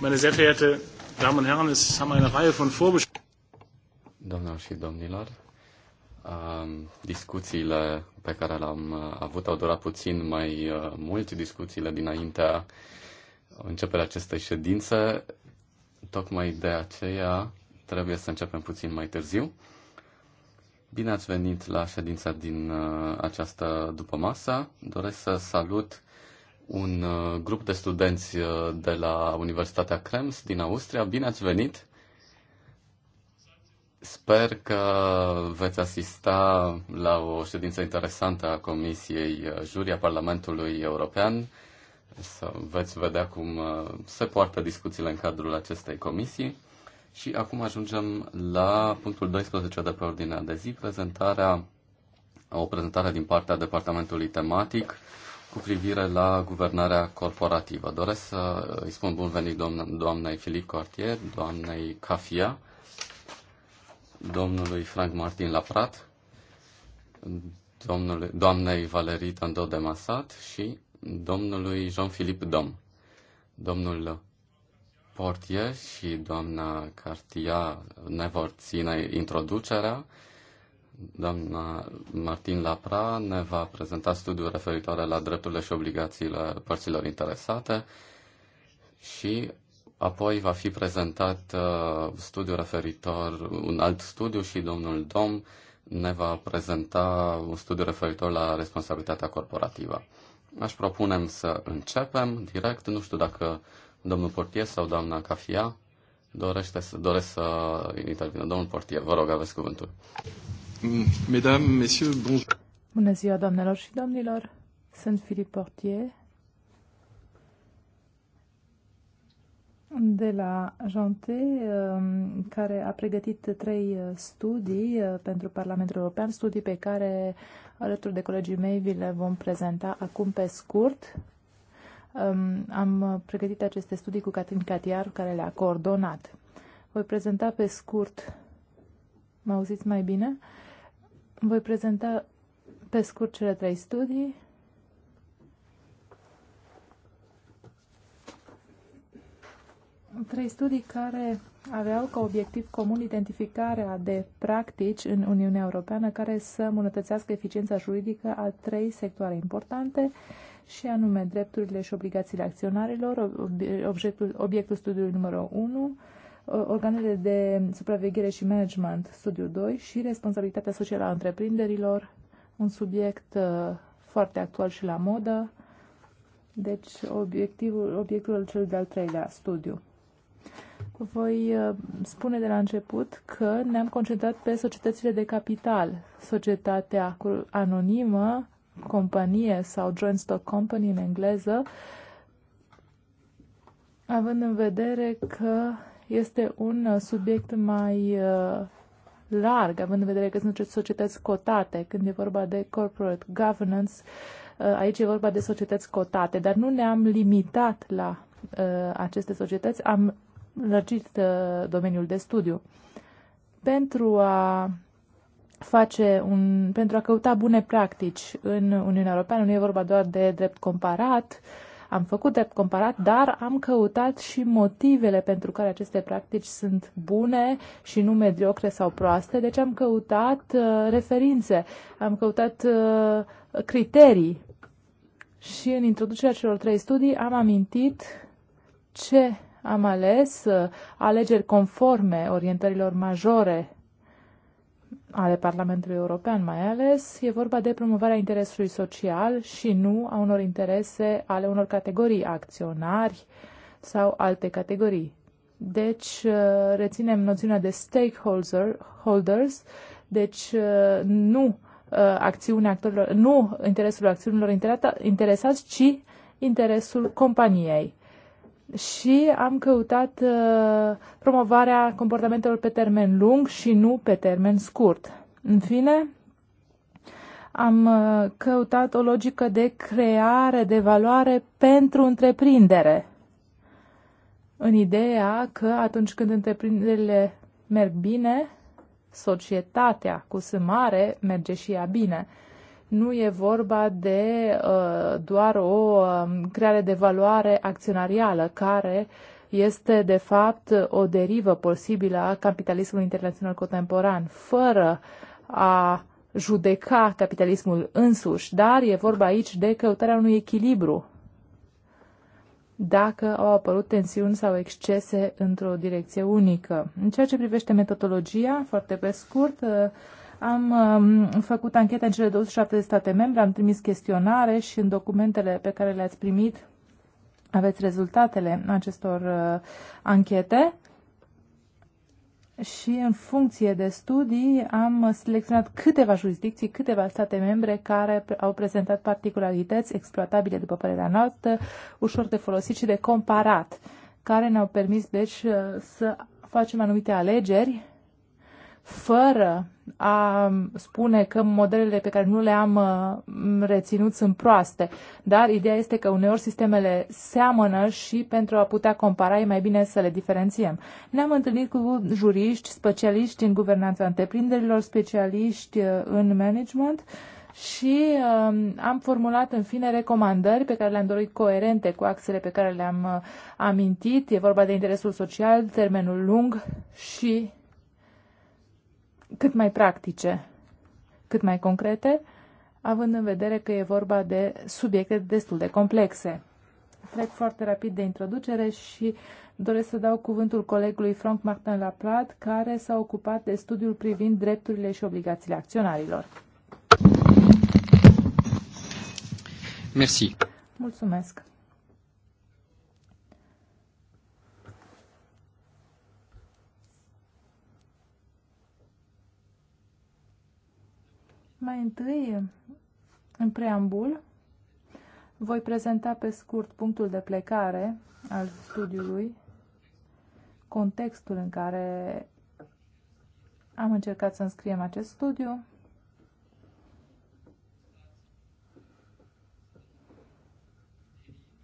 Meine sehr verehrte Damen und Herren, es haben eine Reihe von Doamnelor și domnilor, discuțiile pe care le-am uh, avut au durat puțin mai uh, mult, discuțiile dinaintea începerea acestei ședințe. Tocmai de aceea trebuie să începem puțin mai târziu. Bine ați venit la ședința din uh, această dupămasă. Doresc să salut un uh, grup de studenți uh, de la Universitatea Krems din Austria. Bine ați venit! Sper că veți asista la o ședință interesantă a Comisiei uh, Jurii a Parlamentului European. Să veți vedea cum se poartă discuțiile în cadrul acestei comisii. Și acum ajungem la punctul 12 de pe ordinea de zi, prezentarea, o prezentare din partea departamentului tematic cu privire la guvernarea corporativă. Doresc să îi spun bun venit doamnei Filip Cartier, doamnei Cafia, domnului Frank Martin Laprat, domnului, doamnei Valerie Tando de Masat și domnului Jean-Philippe Dom. Domnul Portier și doamna Cartia ne vor ține introducerea Doamna Martin Lapra ne va prezenta studiul referitoare la drepturile și obligațiile părților interesate și apoi va fi prezentat uh, studiul referitor, un alt studiu și domnul Dom ne va prezenta un studiu referitor la responsabilitatea corporativă. Aș propunem să începem direct. Nu știu dacă domnul portier sau doamna Cafia dorește să, doresc să intervină. Domnul portier, vă rog, aveți cuvântul. Mesdames, messieurs, bonjour. Bună ziua, doamnelor și domnilor. Sunt Filip Portier de la Jante, um, care a pregătit trei studii uh, pentru Parlamentul European, studii pe care, alături de colegii mei, vi le vom prezenta acum pe scurt. Um, am pregătit aceste studii cu Catin Catiar, care le-a coordonat. Voi prezenta pe scurt. Mă auziți mai bine? Voi prezenta pe scurt cele trei studii. Trei studii care aveau ca obiectiv comun identificarea de practici în Uniunea Europeană care să îmbunătățească eficiența juridică a trei sectoare importante și anume drepturile și obligațiile acționarilor, obiectul, obiectul studiului numărul 1, organele de supraveghere și management, studiu 2, și responsabilitatea socială a întreprinderilor, un subiect uh, foarte actual și la modă, deci obiectivul, obiectul cel de-al treilea studiu. Voi uh, spune de la început că ne-am concentrat pe societățile de capital, societatea anonimă, companie sau joint stock company în engleză, având în vedere că este un uh, subiect mai uh, larg, având în vedere că sunt societăți cotate, când e vorba de corporate governance, uh, aici e vorba de societăți cotate, dar nu ne-am limitat la aceste societăți, am lărgit domeniul de studiu. Pentru a face un, pentru a căuta bune practici în Uniunea Europeană, nu e vorba doar de drept comparat, uh, am făcut drept comparat, dar am căutat și motivele pentru care aceste practici sunt bune și nu mediocre sau proaste. Deci am căutat uh, referințe, am căutat uh, criterii. Și în introducerea celor trei studii am amintit ce am ales uh, alegeri conforme orientărilor majore ale Parlamentului European mai ales, e vorba de promovarea interesului social și nu a unor interese ale unor categorii acționari sau alte categorii. Deci, uh, reținem noțiunea de stakeholders, deci uh, nu uh, acțiunea actorilor, nu interesul acțiunilor interesați, ci interesul companiei și am căutat uh, promovarea comportamentelor pe termen lung și nu pe termen scurt. În fine, am uh, căutat o logică de creare de valoare pentru întreprindere. În ideea că atunci când întreprinderile merg bine, societatea cu sâmare merge și ea bine. Nu e vorba de uh, doar o um, creare de valoare acționarială care este de fapt o derivă posibilă a capitalismului internațional contemporan, fără a judeca capitalismul însuși, dar e vorba aici de căutarea unui echilibru dacă au apărut tensiuni sau excese într-o direcție unică. În ceea ce privește metodologia, foarte pe scurt, uh, am um, făcut anchete în cele 27 de state membre, am trimis chestionare și în documentele pe care le-ați primit aveți rezultatele acestor uh, anchete. Și în funcție de studii am selecționat câteva jurisdicții, câteva state membre care au prezentat particularități exploatabile, după părerea noastră, ușor de folosit și de comparat, care ne-au permis, deci, uh, să facem anumite alegeri fără a spune că modelele pe care nu le-am uh, reținut sunt proaste. Dar ideea este că uneori sistemele seamănă și pentru a putea compara e mai bine să le diferențiem. Ne-am întâlnit cu juriști, specialiști în guvernanța întreprinderilor, specialiști uh, în management și uh, am formulat în fine recomandări pe care le-am dorit coerente cu axele pe care le-am amintit. E vorba de interesul social, termenul lung și cât mai practice, cât mai concrete, având în vedere că e vorba de subiecte destul de complexe. Trec foarte rapid de introducere și doresc să dau cuvântul colegului Frank Martin Laplat, care s-a ocupat de studiul privind drepturile și obligațiile acționarilor. Merci. Mulțumesc. Mai întâi, în preambul, voi prezenta pe scurt punctul de plecare al studiului, contextul în care am încercat să înscriem acest studiu,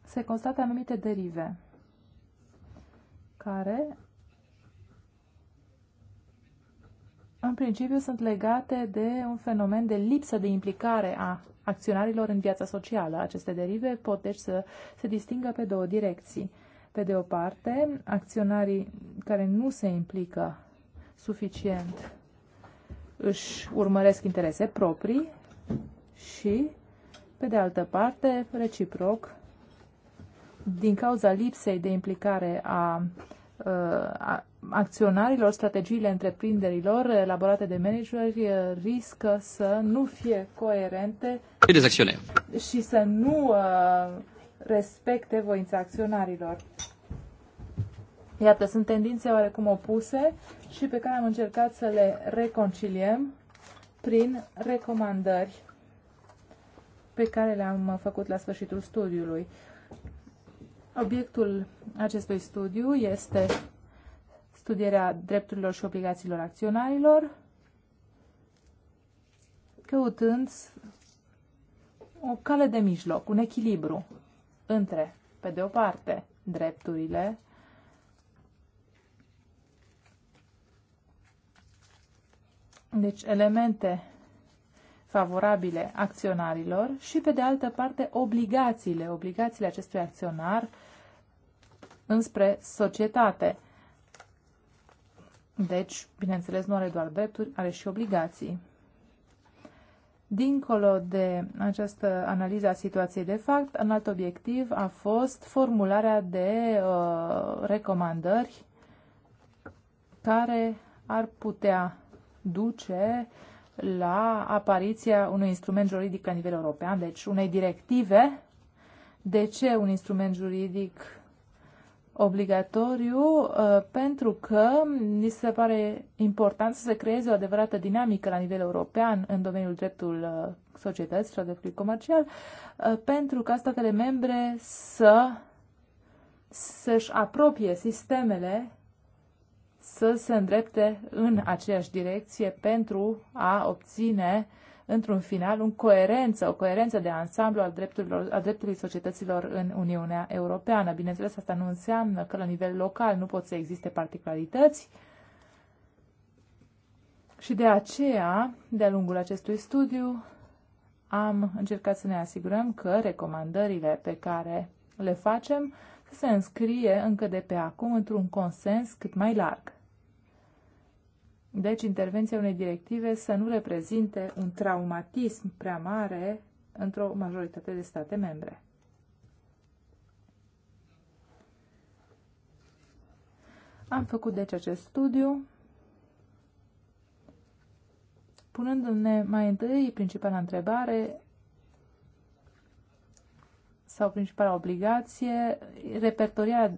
se constată anumite derive care în principiu sunt legate de un fenomen de lipsă de implicare a acționarilor în viața socială. Aceste derive pot deci să se distingă pe două direcții. Pe de o parte, acționarii care nu se implică suficient își urmăresc interese proprii și, pe de altă parte, reciproc, din cauza lipsei de implicare a, a acționarilor, strategiile întreprinderilor elaborate de manageri eh, riscă să nu fie coerente și să nu uh, respecte voința acționarilor. Iată, sunt tendințe oarecum opuse și pe care am încercat să le reconciliem prin recomandări pe care le-am făcut la sfârșitul studiului. Obiectul acestui studiu este studierea drepturilor și obligațiilor acționarilor, căutând o cale de mijloc, un echilibru între, pe de o parte, drepturile deci elemente favorabile acționarilor și, pe de altă parte, obligațiile, obligațiile acestui acționar înspre societate. Deci, bineînțeles, nu are doar drepturi, are și obligații. Dincolo de această analiză a situației de fapt, un alt obiectiv a fost formularea de uh, recomandări care ar putea duce la apariția unui instrument juridic la nivel european, deci unei directive. De ce un instrument juridic obligatoriu uh, pentru că ni se pare important să se creeze o adevărată dinamică la nivel european în domeniul dreptul uh, societății și al dreptului comercial uh, pentru ca statele membre să să-și apropie sistemele să se îndrepte în aceeași direcție pentru a obține uh, într-un final, un coerență, o coerență de ansamblu al, drepturilor, al dreptului societăților în Uniunea Europeană. Bineînțeles, asta nu înseamnă că la nivel local nu pot să existe particularități, și de aceea, de-a lungul acestui studiu, am încercat să ne asigurăm că recomandările pe care le facem să se înscrie încă de pe acum într-un consens cât mai larg. Deci, intervenția unei directive să nu reprezinte un traumatism prea mare într-o majoritate de state membre. Am făcut deci acest studiu, punându-ne mai întâi principala întrebare, sau principala obligație, repertorierea,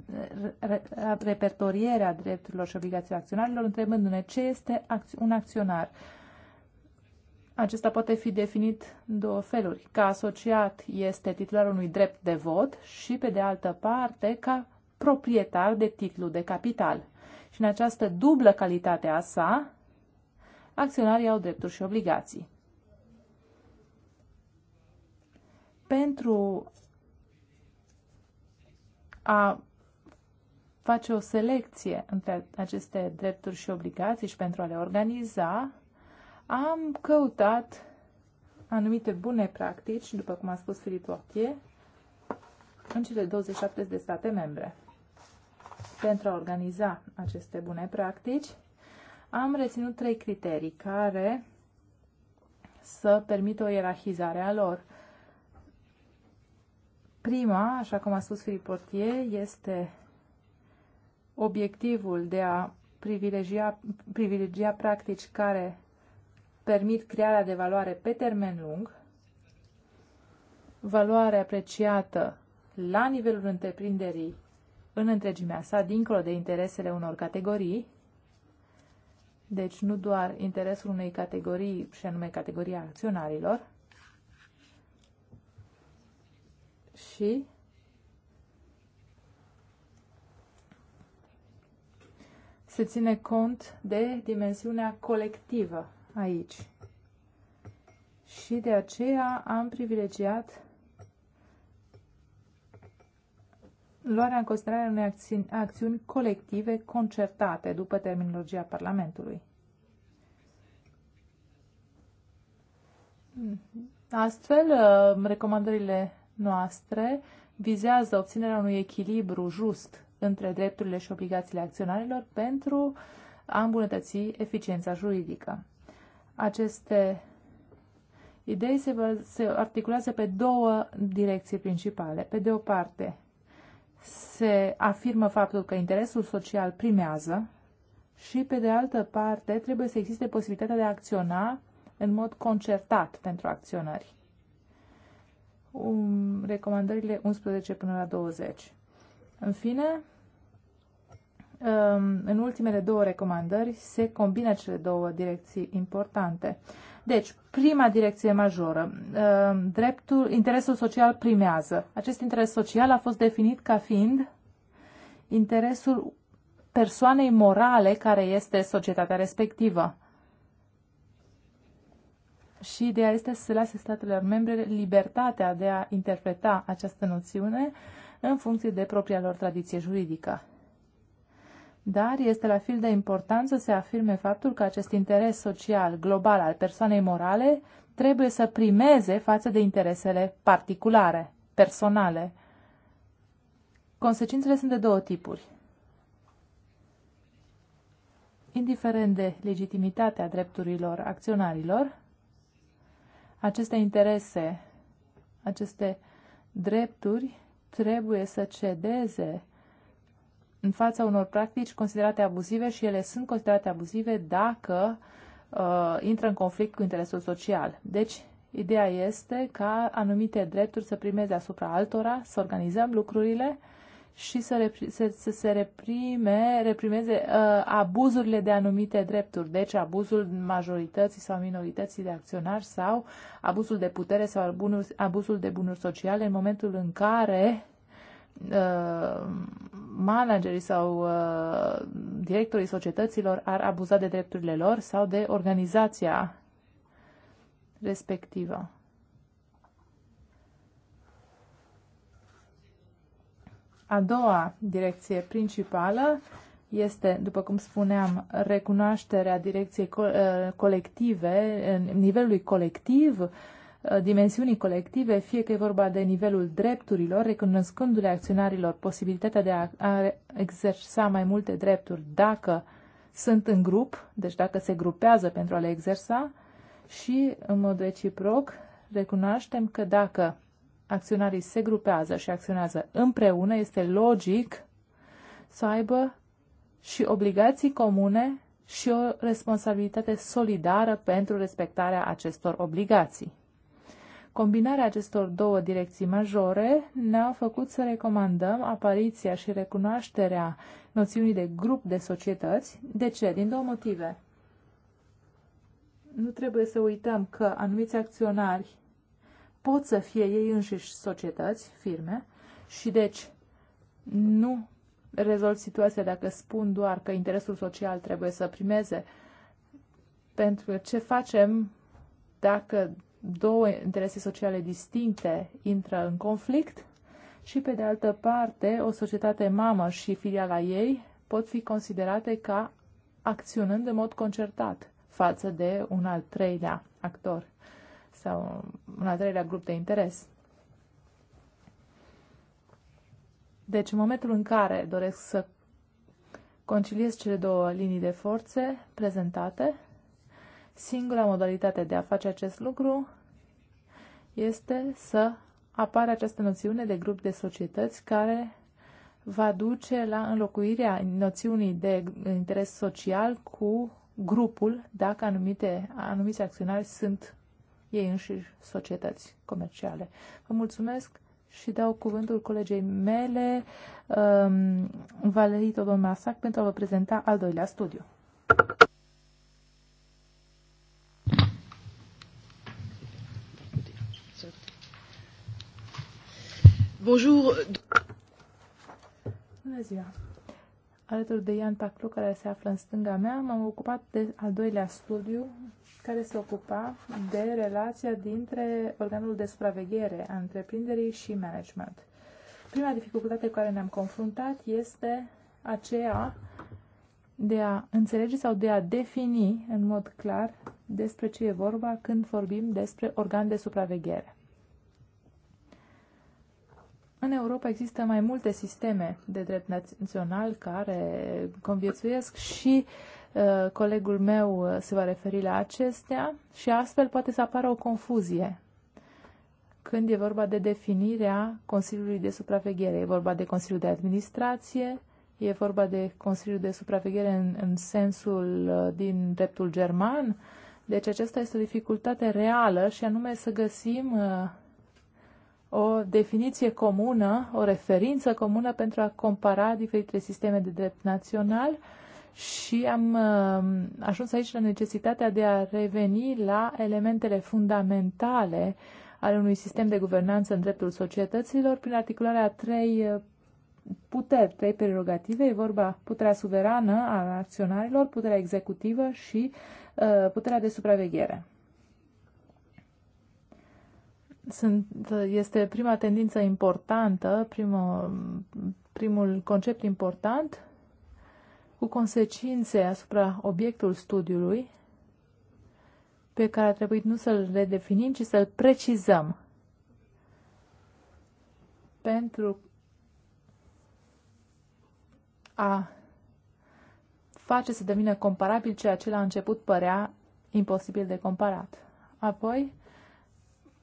repertorierea drepturilor și obligațiilor acționarilor, întrebându-ne ce este un acționar. Acesta poate fi definit în două feluri. Ca asociat este titularul unui drept de vot și, pe de altă parte, ca proprietar de titlu de capital. Și în această dublă calitate a sa, acționarii au drepturi și obligații. Pentru a face o selecție între aceste drepturi și obligații și pentru a le organiza, am căutat anumite bune practici, după cum a spus Filip Ochie, în cele 27 de state membre. Pentru a organiza aceste bune practici, am reținut trei criterii care să permită o ierarhizare a lor – Prima, așa cum a spus Filip Portier, este obiectivul de a privilegia, privilegia practici care permit crearea de valoare pe termen lung, valoare apreciată la nivelul întreprinderii în întregimea sa, dincolo de interesele unor categorii, deci nu doar interesul unei categorii, și anume categoria acționarilor, și se ține cont de dimensiunea colectivă aici. Și de aceea am privilegiat luarea în considerare unei acțiuni, acțiuni colective concertate după terminologia Parlamentului. Astfel, uh, recomandările noastre vizează obținerea unui echilibru just între drepturile și obligațiile acționarilor pentru a îmbunătăți eficiența juridică. Aceste idei se, se articulează pe două direcții principale. Pe de o parte, se afirmă faptul că interesul social primează și, pe de altă parte, trebuie să existe posibilitatea de a acționa în mod concertat pentru acționări um, recomandările 11 până la 20. În fine, um, în ultimele două recomandări se combină cele două direcții importante. Deci, prima direcție majoră, um, dreptul, interesul social primează. Acest interes social a fost definit ca fiind interesul persoanei morale care este societatea respectivă și ideea este să lase statelor membre libertatea de a interpreta această noțiune în funcție de propria lor tradiție juridică. Dar este la fel de important să se afirme faptul că acest interes social global al persoanei morale trebuie să primeze față de interesele particulare, personale. Consecințele sunt de două tipuri. Indiferent de legitimitatea drepturilor acționarilor, aceste interese, aceste drepturi trebuie să cedeze în fața unor practici considerate abuzive și ele sunt considerate abuzive dacă uh, intră în conflict cu interesul social. Deci, ideea este ca anumite drepturi să primeze asupra altora, să organizăm lucrurile și să, repri, să, să se reprime, reprimeze uh, abuzurile de anumite drepturi, deci abuzul majorității sau minorității de acționari sau abuzul de putere sau bunuri, abuzul de bunuri sociale în momentul în care uh, managerii sau uh, directorii societăților ar abuza de drepturile lor sau de organizația respectivă. A doua direcție principală este, după cum spuneam, recunoașterea direcției co eh, colective, nivelului colectiv, eh, dimensiunii colective, fie că e vorba de nivelul drepturilor, recunoscându-le acționarilor posibilitatea de a, a exersa mai multe drepturi dacă sunt în grup, deci dacă se grupează pentru a le exersa, și, în mod reciproc, recunoaștem că dacă acționarii se grupează și acționează împreună, este logic să aibă și obligații comune și o responsabilitate solidară pentru respectarea acestor obligații. Combinarea acestor două direcții majore ne-a făcut să recomandăm apariția și recunoașterea noțiunii de grup de societăți. De ce? Din două motive. Nu trebuie să uităm că anumiți acționari pot să fie ei înșiși societăți, firme, și deci nu rezolv situația dacă spun doar că interesul social trebuie să primeze. Pentru că ce facem dacă două interese sociale distincte intră în conflict și, pe de altă parte, o societate mamă și filiala ei pot fi considerate ca acționând în mod concertat față de un al treilea actor sau un al treilea grup de interes. Deci, în momentul în care doresc să conciliez cele două linii de forțe prezentate, singura modalitate de a face acest lucru este să apare această noțiune de grup de societăți care va duce la înlocuirea noțiunii de interes social cu grupul dacă anumite, anumiți acționari sunt ei înșiși societăți comerciale. Vă mulțumesc și dau cuvântul colegei mele, um, Valerii Masac, pentru a vă prezenta al doilea studiu. Bonjour. Bună ziua! Alături de Ian Paclu, care se află în stânga mea, m-am ocupat de al doilea studiu care se ocupa de relația dintre organul de supraveghere a întreprinderii și management. Prima dificultate cu care ne-am confruntat este aceea de a înțelege sau de a defini în mod clar despre ce e vorba când vorbim despre organ de supraveghere. În Europa există mai multe sisteme de drept național care conviețuiesc și uh, Uh, colegul meu uh, se va referi la acestea și astfel poate să apară o confuzie când e vorba de definirea Consiliului de Supraveghere. E vorba de Consiliul de Administrație, e vorba de Consiliul de Supraveghere în, în sensul uh, din dreptul german. Deci aceasta este o dificultate reală și anume să găsim o definiție comună, o referință comună pentru a compara diferite sisteme de drept național și am uh, ajuns aici la necesitatea de a reveni la elementele fundamentale ale unui sistem de guvernanță în dreptul societăților prin articularea trei uh, puteri, trei prerogative. E vorba puterea suverană a acționarilor, puterea executivă și uh, puterea de supraveghere. Sunt, este prima tendință importantă, primul, primul concept important cu consecințe asupra obiectul studiului, pe care a trebuit nu să-l redefinim, ci să-l precizăm. Pentru a face să devină comparabil ceea ce la început părea imposibil de comparat. Apoi,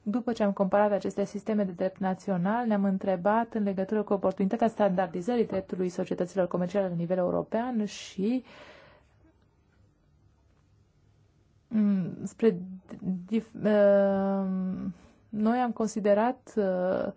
după ce am comparat aceste sisteme de drept național, ne-am întrebat în legătură cu oportunitatea standardizării dreptului societăților comerciale la nivel european și mm, spre uh, noi am considerat uh,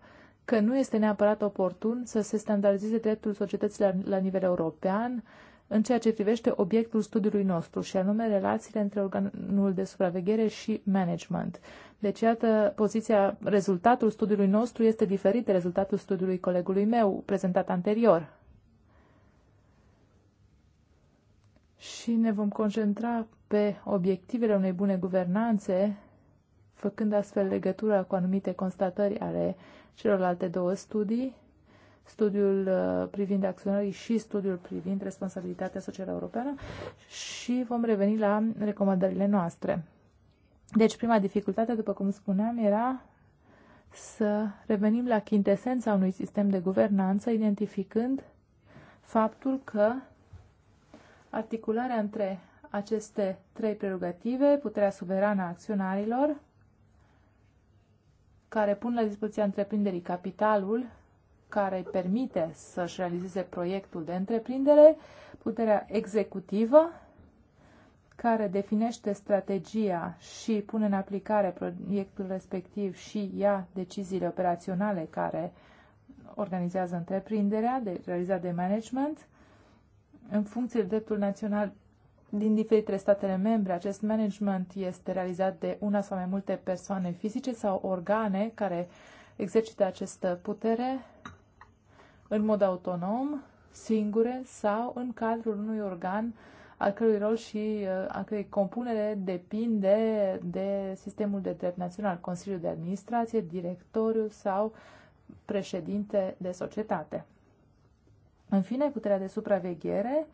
că nu este neapărat oportun să se standardizeze dreptul societăților la, la nivel european în ceea ce privește obiectul studiului nostru, și anume relațiile între organul de supraveghere și management. Deci, iată, poziția, rezultatul studiului nostru este diferit de rezultatul studiului colegului meu prezentat anterior. Și ne vom concentra pe obiectivele unei bune guvernanțe, făcând astfel legătura cu anumite constatări ale celorlalte două studii, studiul uh, privind acționării și studiul privind responsabilitatea socială europeană și vom reveni la recomandările noastre. Deci, prima dificultate, după cum spuneam, era să revenim la chintesența unui sistem de guvernanță, identificând faptul că articularea între aceste trei prerogative, puterea suverană a acționarilor, care pun la dispoziția întreprinderii capitalul care îi permite să-și realizeze proiectul de întreprindere, puterea executivă, care definește strategia și pune în aplicare proiectul respectiv și ia deciziile operaționale care organizează întreprinderea, de, realizat de management, în funcție de dreptul național din diferitele statele membre, acest management este realizat de una sau mai multe persoane fizice sau organe care exercită această putere în mod autonom, singure sau în cadrul unui organ al cărui rol și uh, a cărei compunere depinde de sistemul de drept național, Consiliul de Administrație, Directoriu sau președinte de societate. În fine, puterea de supraveghere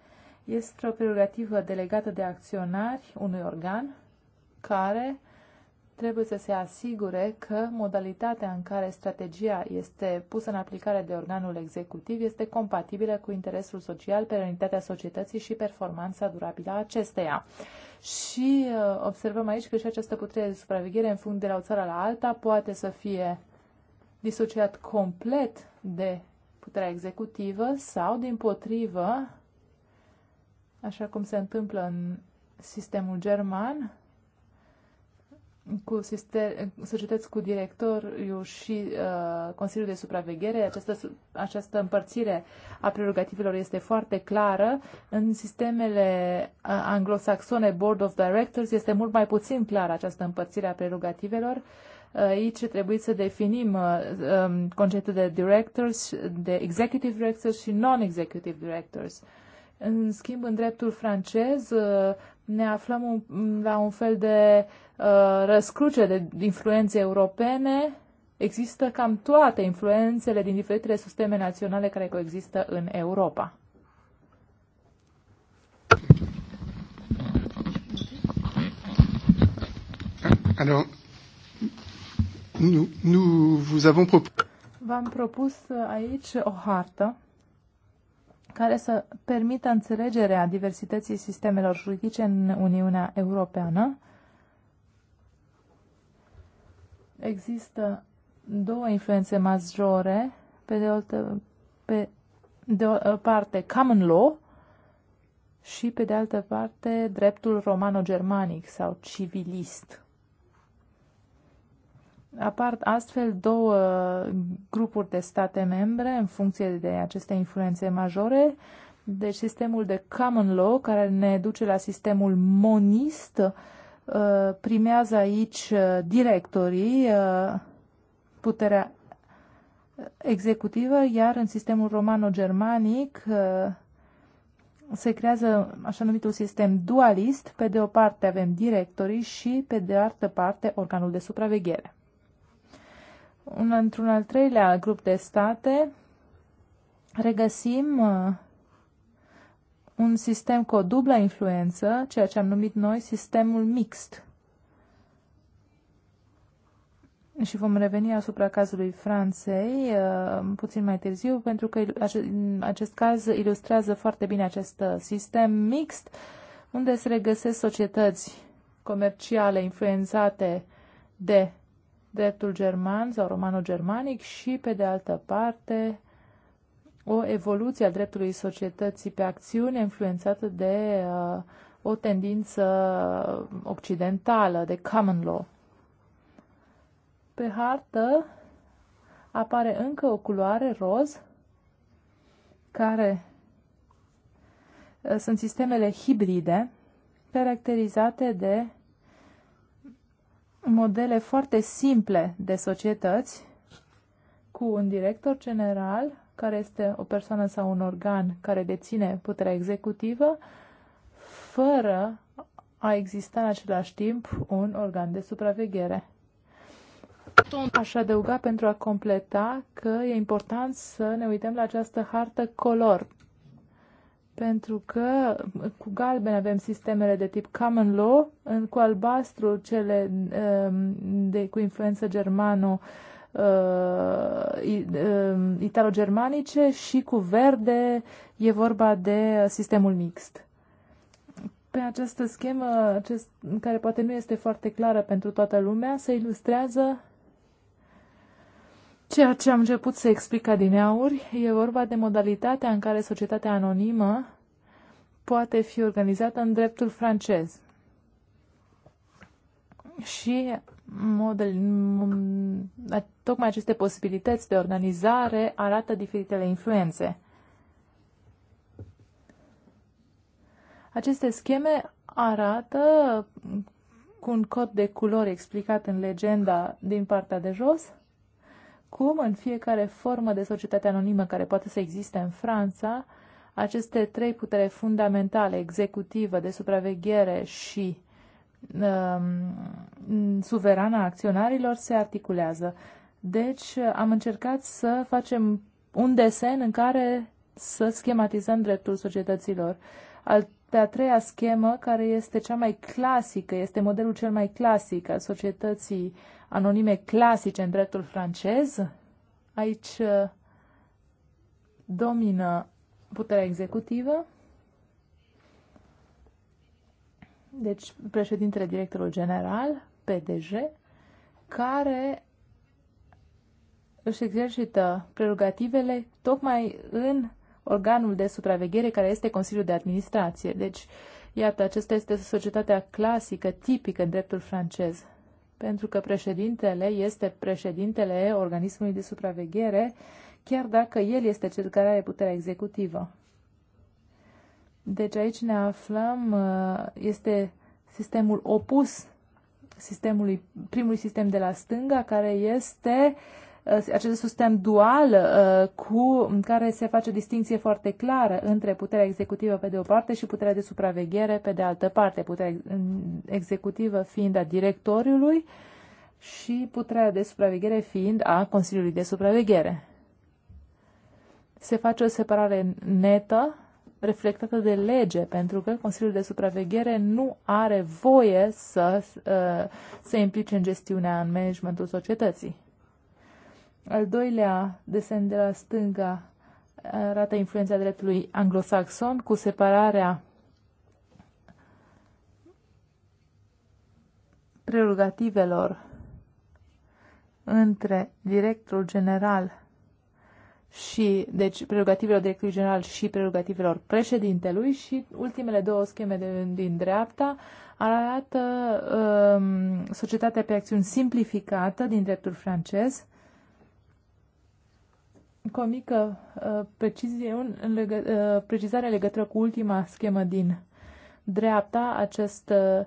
este o prerogativă delegată de acționari unui organ care trebuie să se asigure că modalitatea în care strategia este pusă în aplicare de organul executiv este compatibilă cu interesul social, perenitatea societății și performanța durabilă a acesteia. Și uh, observăm aici că și această putere de supraveghere în funcție de la o țară la alta poate să fie disociat complet de puterea executivă sau, din potrivă, așa cum se întâmplă în sistemul german, cu sistem, societăți cu directoriu și uh, Consiliul de Supraveghere. Această, această împărțire a prerogativelor este foarte clară. În sistemele uh, anglosaxone, Board of Directors, este mult mai puțin clară această împărțire a prerogativelor. Uh, aici trebuie să definim uh, um, conceptul de directors, de executive directors și non-executive directors. În schimb, în dreptul francez, uh, ne aflăm un, la un fel de uh, răscruce de influențe europene. Există cam toate influențele din diferitele sisteme naționale care coexistă în Europa. Alors, nous, nous vous avons propus... V-am propus uh, aici o hartă care să permită înțelegerea diversității sistemelor juridice în Uniunea Europeană. Există două influențe majore, pe de, altă, pe de o uh, parte common law și pe de altă parte dreptul romano-germanic sau civilist. Apar astfel două grupuri de state membre în funcție de aceste influențe majore. Deci sistemul de common law, care ne duce la sistemul monist, uh, primează aici uh, directorii, uh, puterea executivă, iar în sistemul romano-germanic se creează așa numitul sistem dualist. Pe de o parte avem directorii și pe de altă parte organul de supraveghere un, într-un al treilea grup de state regăsim uh, un sistem cu o dublă influență, ceea ce am numit noi sistemul mixt. Și vom reveni asupra cazului Franței uh, puțin mai târziu, pentru că acest caz ilustrează foarte bine acest uh, sistem mixt, unde se regăsesc societăți comerciale influențate de dreptul german sau romano-germanic și, pe de altă parte, o evoluție a dreptului societății pe acțiune influențată de uh, o tendință occidentală, de common law. Pe hartă apare încă o culoare roz, care uh, sunt sistemele hibride, caracterizate de modele foarte simple de societăți cu un director general care este o persoană sau un organ care deține puterea executivă fără a exista în același timp un organ de supraveghere. Aș adăuga pentru a completa că e important să ne uităm la această hartă color pentru că cu galben avem sistemele de tip common law, cu albastru cele ehm, de, cu influență germano eh, ehm, italo-germanice și cu verde e vorba de sistemul mixt. Pe această schemă, acest, care poate nu este foarte clară pentru toată lumea, se ilustrează Ceea ce am început să explic adineauri e vorba de modalitatea în care societatea anonimă poate fi organizată în dreptul francez. Și model, tocmai aceste posibilități de organizare arată diferitele influențe. Aceste scheme arată cu un cod de culori explicat în legenda din partea de jos cum în fiecare formă de societate anonimă care poate să existe în Franța, aceste trei putere fundamentale, executivă, de supraveghere și uh, suverana acționarilor, se articulează. Deci am încercat să facem un desen în care să schematizăm dreptul societăților. Al, a treia schemă, care este cea mai clasică, este modelul cel mai clasic al societății anonime clasice în dreptul francez. Aici uh, domină puterea executivă. Deci președintele directorul general, PDG, care își exercită prerogativele tocmai în organul de supraveghere care este Consiliul de Administrație. Deci, iată, acesta este societatea clasică, tipică în dreptul francez pentru că președintele este președintele organismului de supraveghere, chiar dacă el este cel care are puterea executivă. Deci aici ne aflăm, uh, este sistemul opus sistemului, primului sistem de la stânga, care este uh, Uh, acest sistem dual uh, cu care se face o distinție foarte clară între puterea executivă pe de o parte și puterea de supraveghere pe de altă parte, puterea executivă fiind a directoriului și puterea de supraveghere fiind a Consiliului de Supraveghere. Se face o separare netă reflectată de lege, pentru că Consiliul de Supraveghere nu are voie să uh, se implice în gestiunea, în managementul societății. Al doilea desen de la stânga arată influența dreptului anglosaxon cu separarea prerogativelor între directorul general și, deci, prerogativelor directorului general și prerogativelor președintelui și ultimele două scheme de, din dreapta arată um, societatea pe acțiuni simplificată din dreptul francez cu o mică uh, precizie, un, în legă, uh, precizare legătură cu ultima schemă din dreapta, acest uh, uh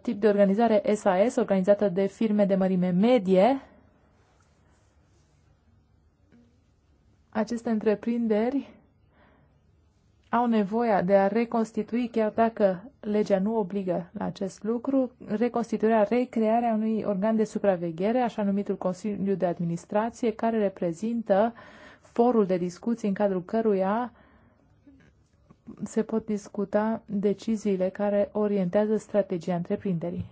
tip de organizare SAS, organizată de firme de mărime medie. Aceste întreprinderi au nevoia de a reconstitui, chiar dacă legea nu obligă la acest lucru, reconstituirea, recrearea unui organ de supraveghere, așa numitul Consiliu de Administrație, care reprezintă forul de discuții în cadrul căruia se pot discuta deciziile care orientează strategia întreprinderii.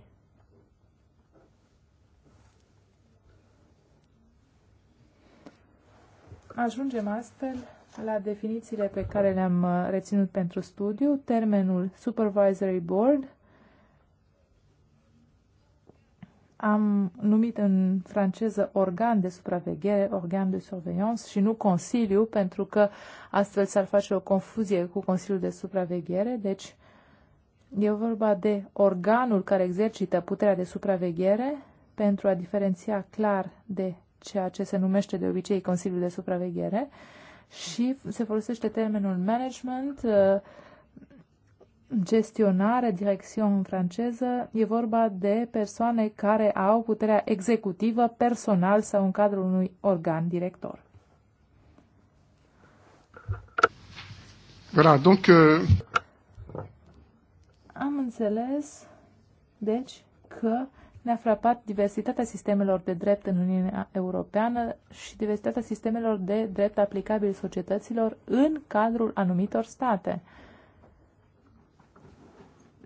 Ajungem astfel la definițiile pe care le-am uh, reținut pentru studiu, termenul Supervisory Board am numit în franceză organ de supraveghere, organ de surveillance și nu consiliu, pentru că astfel s-ar face o confuzie cu Consiliul de Supraveghere, deci e vorba de organul care exercită puterea de supraveghere pentru a diferenția clar de ceea ce se numește de obicei Consiliul de Supraveghere și se folosește termenul management, uh, gestionare, direcțion în franceză. E vorba de persoane care au puterea executivă personal sau în cadrul unui organ director. Voilà, donc, euh... Am înțeles, deci, că ne-a frapat diversitatea sistemelor de drept în Uniunea Europeană și diversitatea sistemelor de drept aplicabil societăților în cadrul anumitor state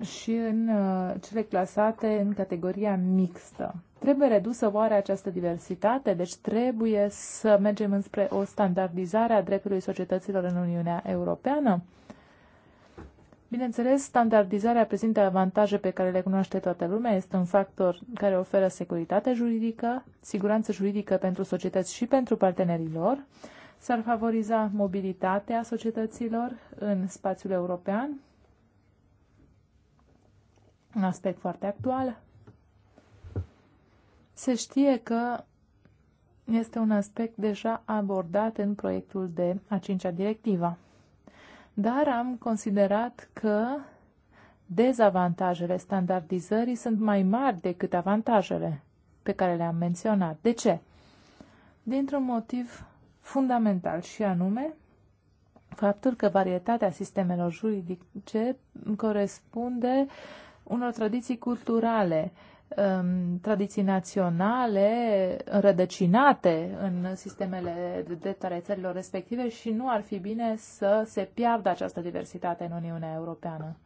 și în uh, cele clasate în categoria mixtă. Trebuie redusă oare această diversitate? Deci trebuie să mergem înspre o standardizare a dreptului societăților în Uniunea Europeană? Bineînțeles, standardizarea prezintă avantaje pe care le cunoaște toată lumea, este un factor care oferă securitate juridică, siguranță juridică pentru societăți și pentru partenerii lor, s-ar favoriza mobilitatea societăților în spațiul european, un aspect foarte actual. Se știe că este un aspect deja abordat în proiectul de a cincea directivă dar am considerat că dezavantajele standardizării sunt mai mari decât avantajele pe care le-am menționat. De ce? Dintr-un motiv fundamental și anume faptul că varietatea sistemelor juridice corespunde unor tradiții culturale Um, tradiții naționale rădăcinate în sistemele de tare țărilor respective și nu ar fi bine să se piardă această diversitate în Uniunea Europeană.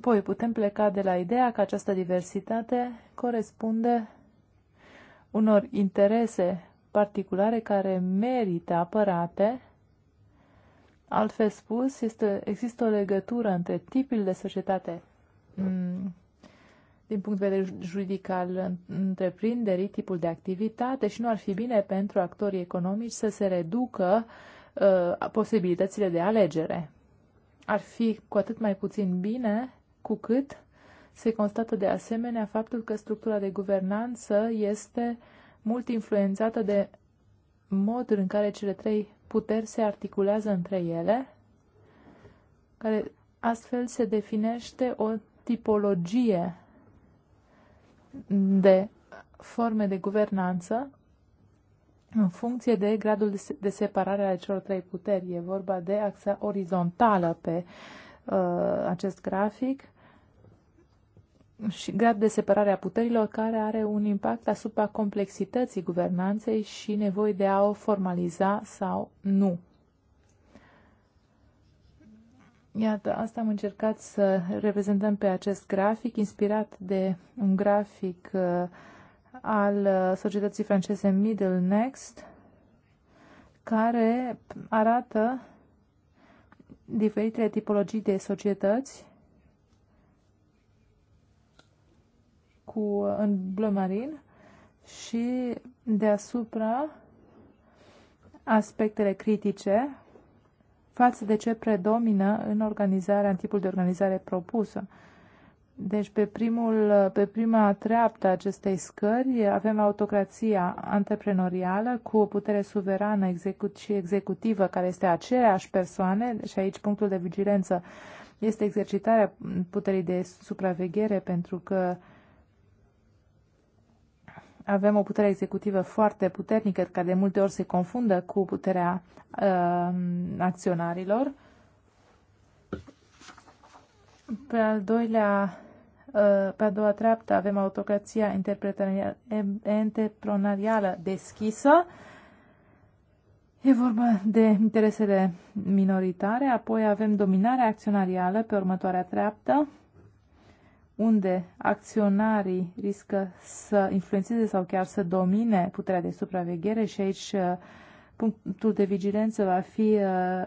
Poi putem pleca de la ideea că această diversitate corespunde unor interese particulare care merită apărate Altfel spus, este, există o legătură între tipul de societate mm, din punct de vedere juridic al întreprinderii, tipul de activitate și nu ar fi bine pentru actorii economici să se reducă uh, posibilitățile de alegere. Ar fi cu atât mai puțin bine cu cât se constată de asemenea faptul că structura de guvernanță este mult influențată de modul în care cele trei puteri se articulează între ele, care astfel se definește o tipologie de forme de guvernanță în funcție de gradul de separare ale celor trei puteri. E vorba de axa orizontală pe uh, acest grafic și grad de separare a puterilor care are un impact asupra complexității guvernanței și nevoii de a o formaliza sau nu. Iată, asta am încercat să reprezentăm pe acest grafic, inspirat de un grafic uh, al uh, societății franceze Middle Next, care arată diferitele tipologii de societăți cu, în marin și deasupra aspectele critice față de ce predomină în organizarea, în tipul de organizare propusă. Deci pe, primul, pe prima treaptă acestei scări avem autocrația antreprenorială cu o putere suverană execut și executivă care este aceeași persoane și aici punctul de vigilență este exercitarea puterii de supraveghere pentru că uh, avem o putere executivă foarte puternică, care de multe ori se confundă cu puterea uh, acționarilor. Pe al doilea, uh, pe a doua treaptă avem autocrația antreprenorială deschisă. E vorba de interesele minoritare, apoi avem dominarea acționarială pe următoarea treaptă, unde acționarii riscă să influențeze sau chiar să domine puterea de supraveghere și aici uh, punctul de vigilență va fi uh,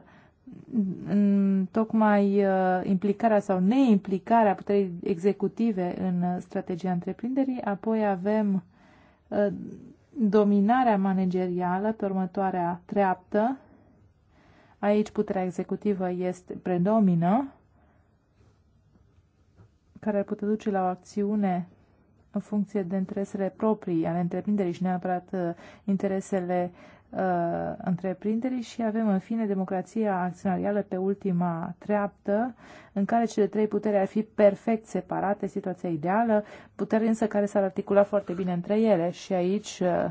în tocmai uh, implicarea sau neimplicarea puterii executive în strategia întreprinderii. Apoi avem dominarea managerială pe următoarea treaptă. Aici puterea executivă este predomină care ar putea duce la o acțiune în funcție de interesele proprii ale întreprinderii și neapărat uh, interesele uh, întreprinderii și avem în fine democrația acționarială pe ultima treaptă în care cele trei puteri ar fi perfect separate, situația ideală, puteri însă care s-ar articula foarte bine între ele și aici uh,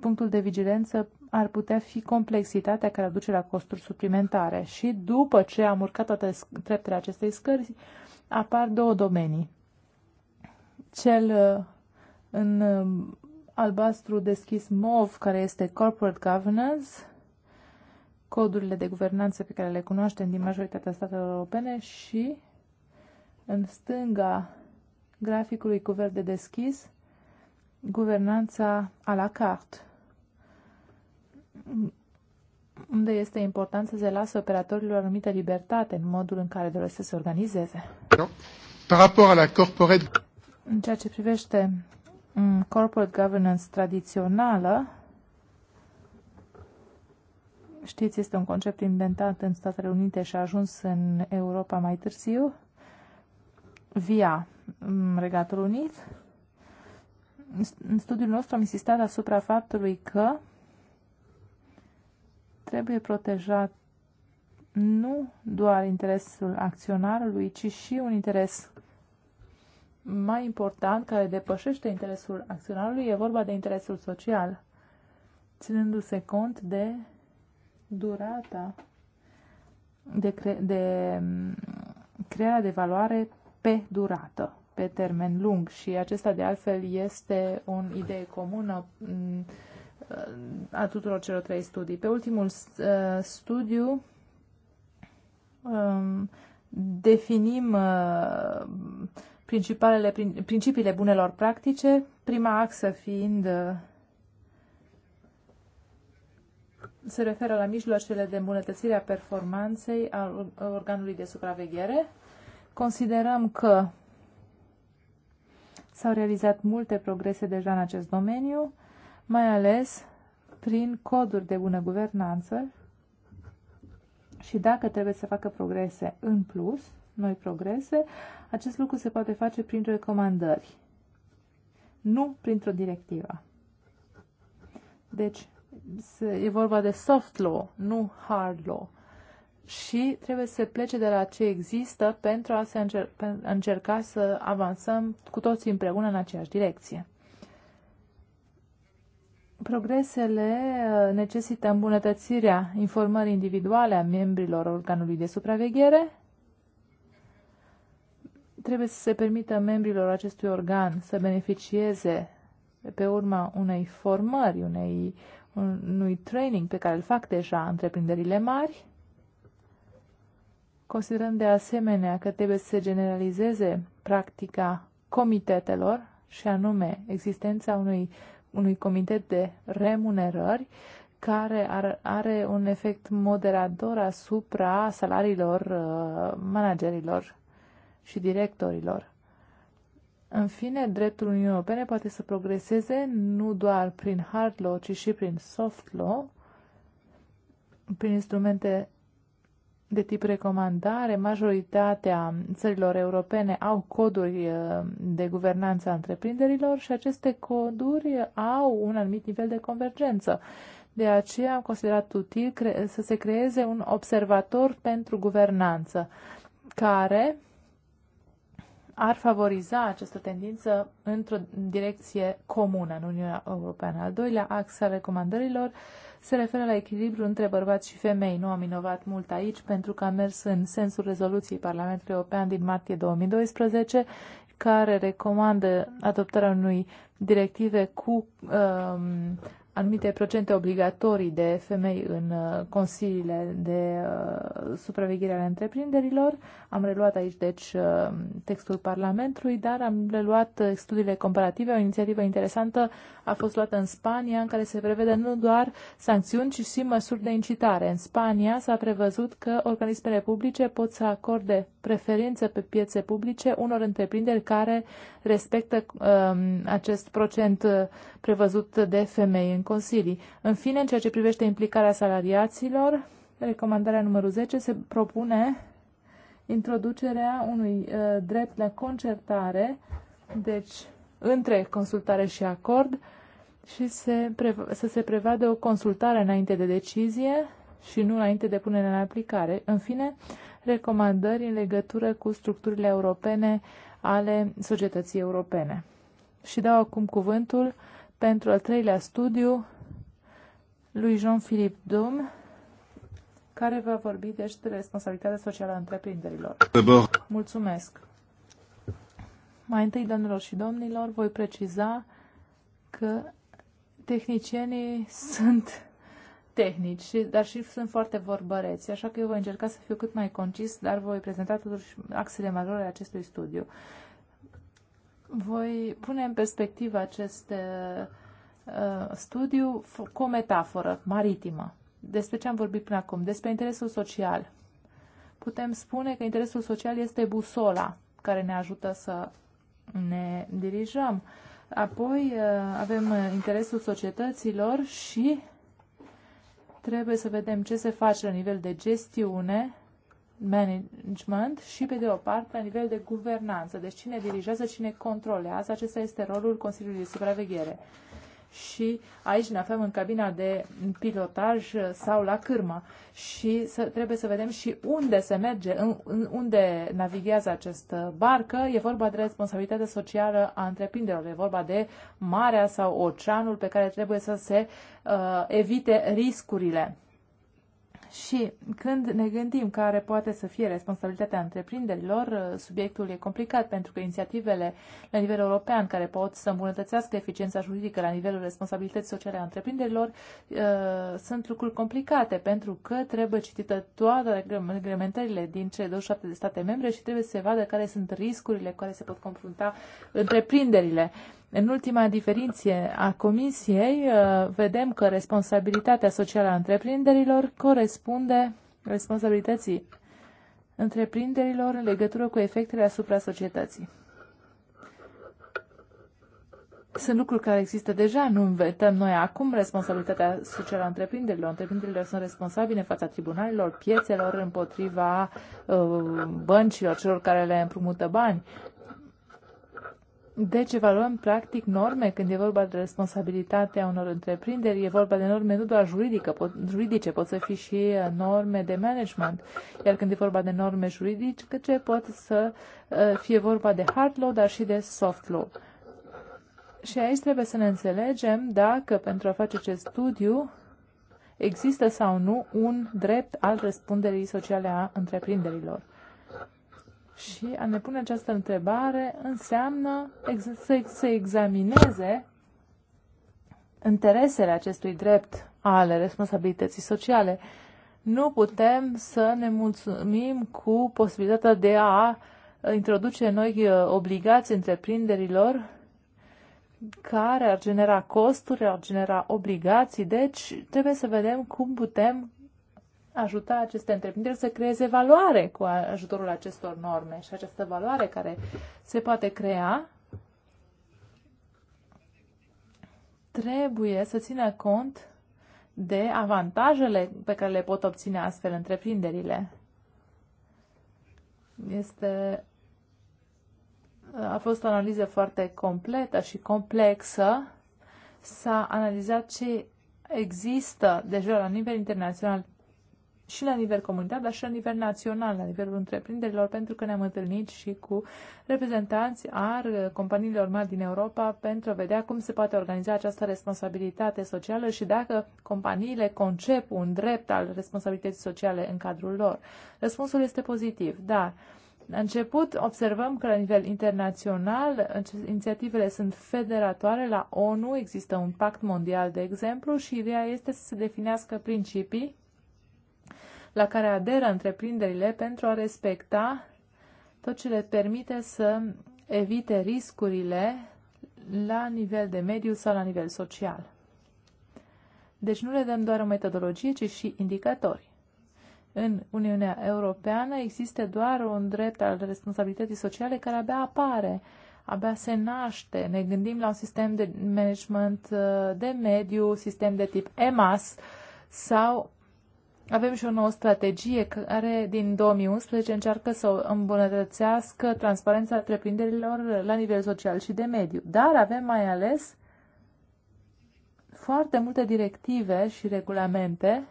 punctul de vigilență ar putea fi complexitatea care aduce la costuri suplimentare și după ce am urcat toate treptele acestei scări, uh, apar două domenii. Cel uh, în uh, albastru deschis MOV, care este Corporate Governance, codurile de guvernanță pe care le cunoaștem din majoritatea statelor europene și în stânga graficului cu verde deschis, guvernanța a la carte unde este important să se lasă operatorilor anumită libertate în modul în care doresc să se organizeze. Par rapport à la corporate... În ceea ce privește mm, corporate governance tradițională, știți, este un concept inventat în Statele Unite și a ajuns în Europa mai târziu, via mm, Regatul Unit. În studiul nostru am insistat asupra faptului că trebuie protejat nu doar interesul acționarului, ci și un interes mai important care depășește interesul acționarului, e vorba de interesul social, ținându-se cont de durata de, cre- de mm, crearea de valoare pe durată, pe termen lung și acesta de altfel este o idee comună mm, Uh, a tuturor celor trei studii. Pe ultimul uh, studiu um, definim uh, principalele, principiile bunelor practice, prima axă fiind se referă la mijloacele de îmbunătățire a performanței al organului de supraveghere. Considerăm că s-au realizat multe progrese deja în acest domeniu mai ales prin coduri de bună guvernanță și dacă trebuie să facă progrese în plus, noi progrese, acest lucru se poate face prin recomandări, nu printr-o directivă. Deci, e vorba de soft law, nu hard law. Și trebuie să plece de la ce există pentru a se încerca să avansăm cu toții împreună în aceeași direcție. Progresele uh, necesită îmbunătățirea informării individuale a membrilor organului de supraveghere. Trebuie să se permită membrilor acestui organ să beneficieze pe urma unei formări, unei, unui training pe care îl fac deja întreprinderile mari. considerând de asemenea că trebuie să se generalizeze practica comitetelor și anume existența unui unui comitet de remunerări care ar, are un efect moderator asupra salariilor uh, managerilor și directorilor. În fine, dreptul Uniunii Europene poate să progreseze nu doar prin hard law, ci și prin soft law, prin instrumente de tip recomandare, majoritatea țărilor europene au coduri uh, de guvernanță a întreprinderilor și aceste coduri au un anumit nivel de convergență. De aceea am considerat util să se creeze un observator pentru guvernanță care ar favoriza această tendință într-o direcție comună în Uniunea Europeană. Al doilea ax al recomandărilor se referă la echilibru între bărbați și femei. Nu am inovat mult aici pentru că am mers în sensul rezoluției Parlamentului European din martie 2012 care recomandă adoptarea unui directive cu um, anumite procente obligatorii de femei în uh, consiliile de uh, supraveghere ale întreprinderilor. Am reluat aici, deci, uh, textul Parlamentului, dar am reluat studiile comparative. O inițiativă interesantă a fost luată în Spania, în care se prevede nu doar sancțiuni, ci și măsuri de incitare. În Spania s-a prevăzut că organismele publice pot să acorde preferință pe piețe publice unor întreprinderi care respectă um, acest procent prevăzut de femei în în consilii. În fine, în ceea ce privește implicarea salariaților, recomandarea numărul 10 se propune introducerea unui uh, drept la concertare, deci între consultare și acord, și se să se prevadă o consultare înainte de decizie și nu înainte de punere în aplicare. În fine, recomandări în legătură cu structurile europene ale societății europene. Și dau acum cuvântul pentru al treilea studiu lui Jean-Philippe Dom, care va vorbi deci responsabilitatea socială a întreprinderilor. Mulțumesc! Mai întâi, domnilor și domnilor, voi preciza că tehnicienii sunt tehnici, dar și sunt foarte vorbăreți, așa că eu voi încerca să fiu cât mai concis, dar voi prezenta totuși axele majore ale acestui studiu voi pune în perspectivă acest uh, uh studiu cu o metaforă maritimă. Despre ce am vorbit până acum? Despre interesul social. Putem spune că interesul social este busola care ne ajută să ne dirijăm. Apoi uh, avem interesul societăților și trebuie să vedem ce se face la nivel de gestiune management și, pe de o parte, la nivel de guvernanță. Deci cine dirigează, cine controlează, acesta este rolul Consiliului de Supraveghere. Și aici ne aflăm în cabina de pilotaj sau la cârmă și să, trebuie să vedem și unde se merge, în, în, unde navighează această barcă. E vorba de responsabilitatea socială a întreprinderilor, e vorba de marea sau oceanul pe care trebuie să se uh, evite riscurile și când ne gândim care poate să fie responsabilitatea întreprinderilor, subiectul e complicat pentru că inițiativele la nivel european care pot să îmbunătățească eficiența juridică la nivelul responsabilității sociale a întreprinderilor uh, sunt lucruri complicate pentru că trebuie citită toate reglementările din cele 27 de state membre și trebuie să se vadă care sunt riscurile cu care se pot confrunta întreprinderile. Uh, în ultima diferinție a Comisiei uh, vedem că responsabilitatea socială a întreprinderilor corespunde responsabilității întreprinderilor în legătură cu efectele asupra societății. Sunt lucruri care există deja, nu învetăm noi acum responsabilitatea socială a întreprinderilor. Întreprinderile sunt responsabile în fața tribunalilor, piețelor, împotriva uh, băncilor, celor care le împrumută bani. Deci evaluăm practic norme când e vorba de responsabilitatea unor întreprinderi, e vorba de norme nu doar juridică, pot, juridice, pot să fi și uh, norme de management, iar când e vorba de norme juridice, ce pot să uh, fie vorba de hard law, dar și de soft law. Și aici trebuie să ne înțelegem dacă pentru a face acest studiu există sau nu un drept al răspunderii sociale a întreprinderilor. Și a ne pune această întrebare înseamnă ex să, să examineze interesele acestui drept ale responsabilității sociale. Nu putem să ne mulțumim cu posibilitatea de a uh, introduce noi uh, obligații întreprinderilor care ar genera costuri, ar genera obligații, deci trebuie să vedem cum putem ajuta aceste întreprinderi să creeze valoare cu ajutorul acestor norme și această valoare care se poate crea trebuie să țină cont de avantajele pe care le pot obține astfel întreprinderile. Este, a fost o analiză foarte completă și complexă. S-a analizat ce există deja la nivel internațional și la nivel comunitar, dar și la nivel național, la nivelul întreprinderilor, pentru că ne-am întâlnit și cu reprezentanți ar companiilor mari din Europa pentru a vedea cum se poate organiza această responsabilitate socială și dacă companiile concep un drept al responsabilității sociale în cadrul lor. Răspunsul este pozitiv, dar la început observăm că la nivel internațional inițiativele sunt federatoare, la ONU există un pact mondial, de exemplu, și ideea este să se definească principii la care aderă întreprinderile pentru a respecta tot ce le permite să evite riscurile la nivel de mediu sau la nivel social. Deci nu le dăm doar o metodologie, ci și indicatori. În Uniunea Europeană există doar un drept al responsabilității sociale care abia apare, abia se naște. Ne gândim la un sistem de management uh, de mediu, sistem de tip EMAS sau avem și o nouă strategie care din 2011 încearcă să îmbunătățească transparența întreprinderilor la nivel social și de mediu. Dar avem mai ales foarte multe directive și regulamente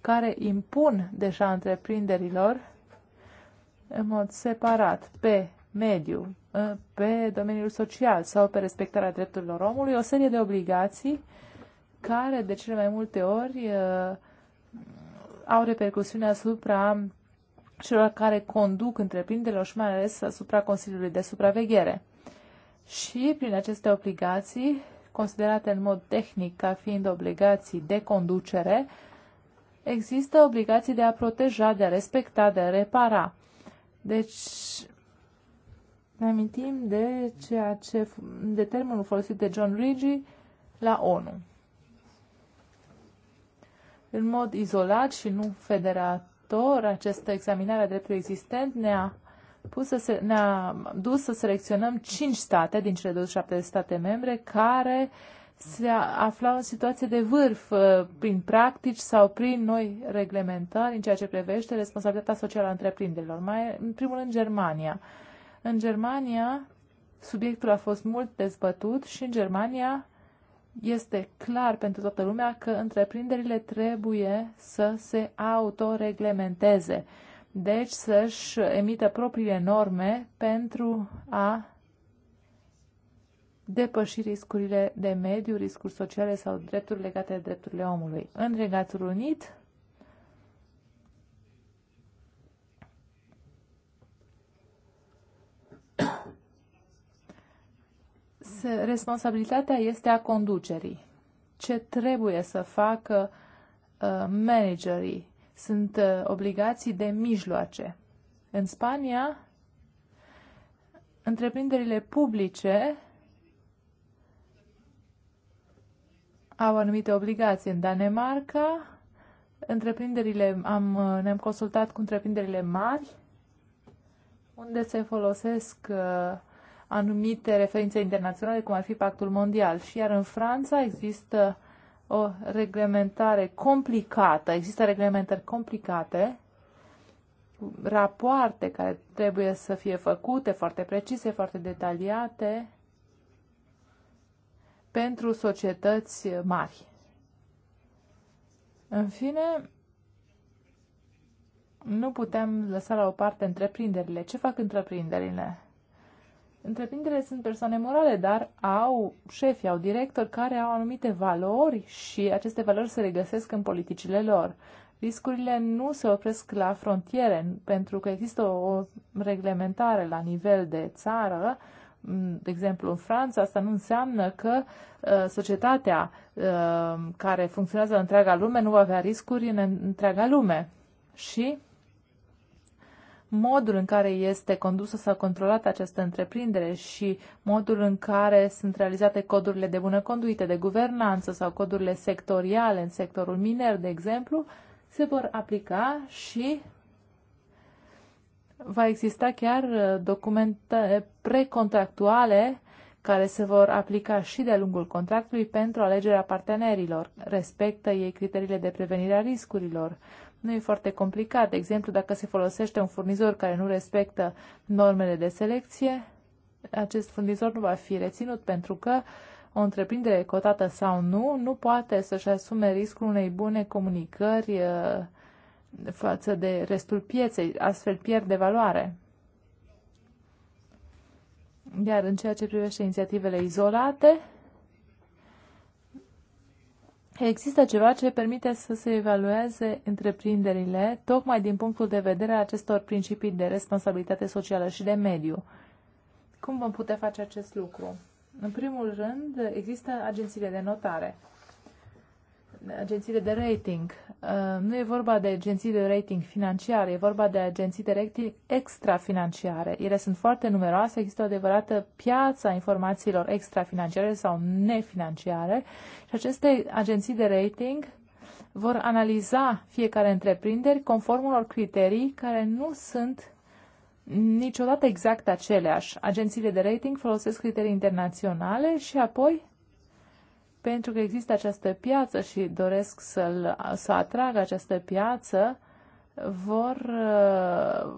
care impun deja întreprinderilor în mod separat pe mediu, pe domeniul social sau pe respectarea drepturilor omului, o serie de obligații care de cele mai multe ori uh, au repercusiune asupra celor care conduc întreprinderilor și mai ales asupra Consiliului de Supraveghere. Și prin aceste obligații, considerate în mod tehnic ca fiind obligații de conducere, există obligații de a proteja, de a respecta, de a repara. Deci, ne amintim de ceea ce, de termenul folosit de John Rigi la ONU în mod izolat și nu federator, această examinare a dreptului existent ne-a pus să se, ne-a dus să selecționăm 5 state din cele 27 de state membre care se aflau în situație de vârf uh, prin practici sau prin noi reglementări în ceea ce privește responsabilitatea socială a întreprinderilor. Mai, în primul rând, Germania. În Germania, subiectul a fost mult dezbătut și în Germania este clar pentru toată lumea că întreprinderile trebuie să se autoreglementeze, deci să-și emită propriile norme pentru a depăși riscurile de mediu, riscuri sociale sau drepturi legate de drepturile omului. În Regatul Unit, responsabilitatea este a conducerii. Ce trebuie să facă uh, managerii? Sunt uh, obligații de mijloace. În Spania, întreprinderile publice au anumite obligații. În Danemarca, întreprinderile, am, uh, ne-am consultat cu întreprinderile mari, unde se folosesc uh, anumite referințe internaționale, cum ar fi Pactul Mondial. Și iar în Franța există o reglementare complicată, există reglementări complicate, rapoarte care trebuie să fie făcute, foarte precise, foarte detaliate, pentru societăți mari. În fine, nu putem lăsa la o parte întreprinderile. Ce fac întreprinderile? Întreprinderile sunt persoane morale, dar au șefi, au directori care au anumite valori și aceste valori se regăsesc în politicile lor. Riscurile nu se opresc la frontiere, pentru că există o reglementare la nivel de țară. Mm, de exemplu, în Franța, asta nu înseamnă că ă, societatea ă, care funcționează în întreaga lume nu va avea riscuri în întreaga lume. Și modul în care este condusă sau controlată această întreprindere și modul în care sunt realizate codurile de bună conduită, de guvernanță sau codurile sectoriale în sectorul miner, de exemplu, se vor aplica și va exista chiar uh, documente precontractuale care se vor aplica și de-a lungul contractului pentru alegerea partenerilor. Respectă ei criteriile de prevenire a riscurilor nu e foarte complicat. De exemplu, dacă se folosește un furnizor care nu respectă normele de selecție, acest furnizor nu va fi reținut pentru că o întreprindere cotată sau nu nu poate să-și asume riscul unei bune comunicări uh, față de restul pieței, astfel pierde valoare. Iar în ceea ce privește inițiativele izolate, Există ceva ce permite să se evalueze întreprinderile tocmai din punctul de vedere a acestor principii de responsabilitate socială și de mediu. Cum vom putea face acest lucru? În primul rând, există agențiile de notare agențiile de rating. Uh, nu e vorba de agenții de rating financiare, e vorba de agenții de rating extrafinanciare. Ele sunt foarte numeroase, există o adevărată piață a informațiilor extrafinanciare sau nefinanciare și aceste agenții de rating vor analiza fiecare întreprinderi conform unor criterii care nu sunt niciodată exact aceleași. Agențiile de rating folosesc criterii internaționale și apoi pentru că există această piață și doresc să-l, să atragă această piață, vor uh,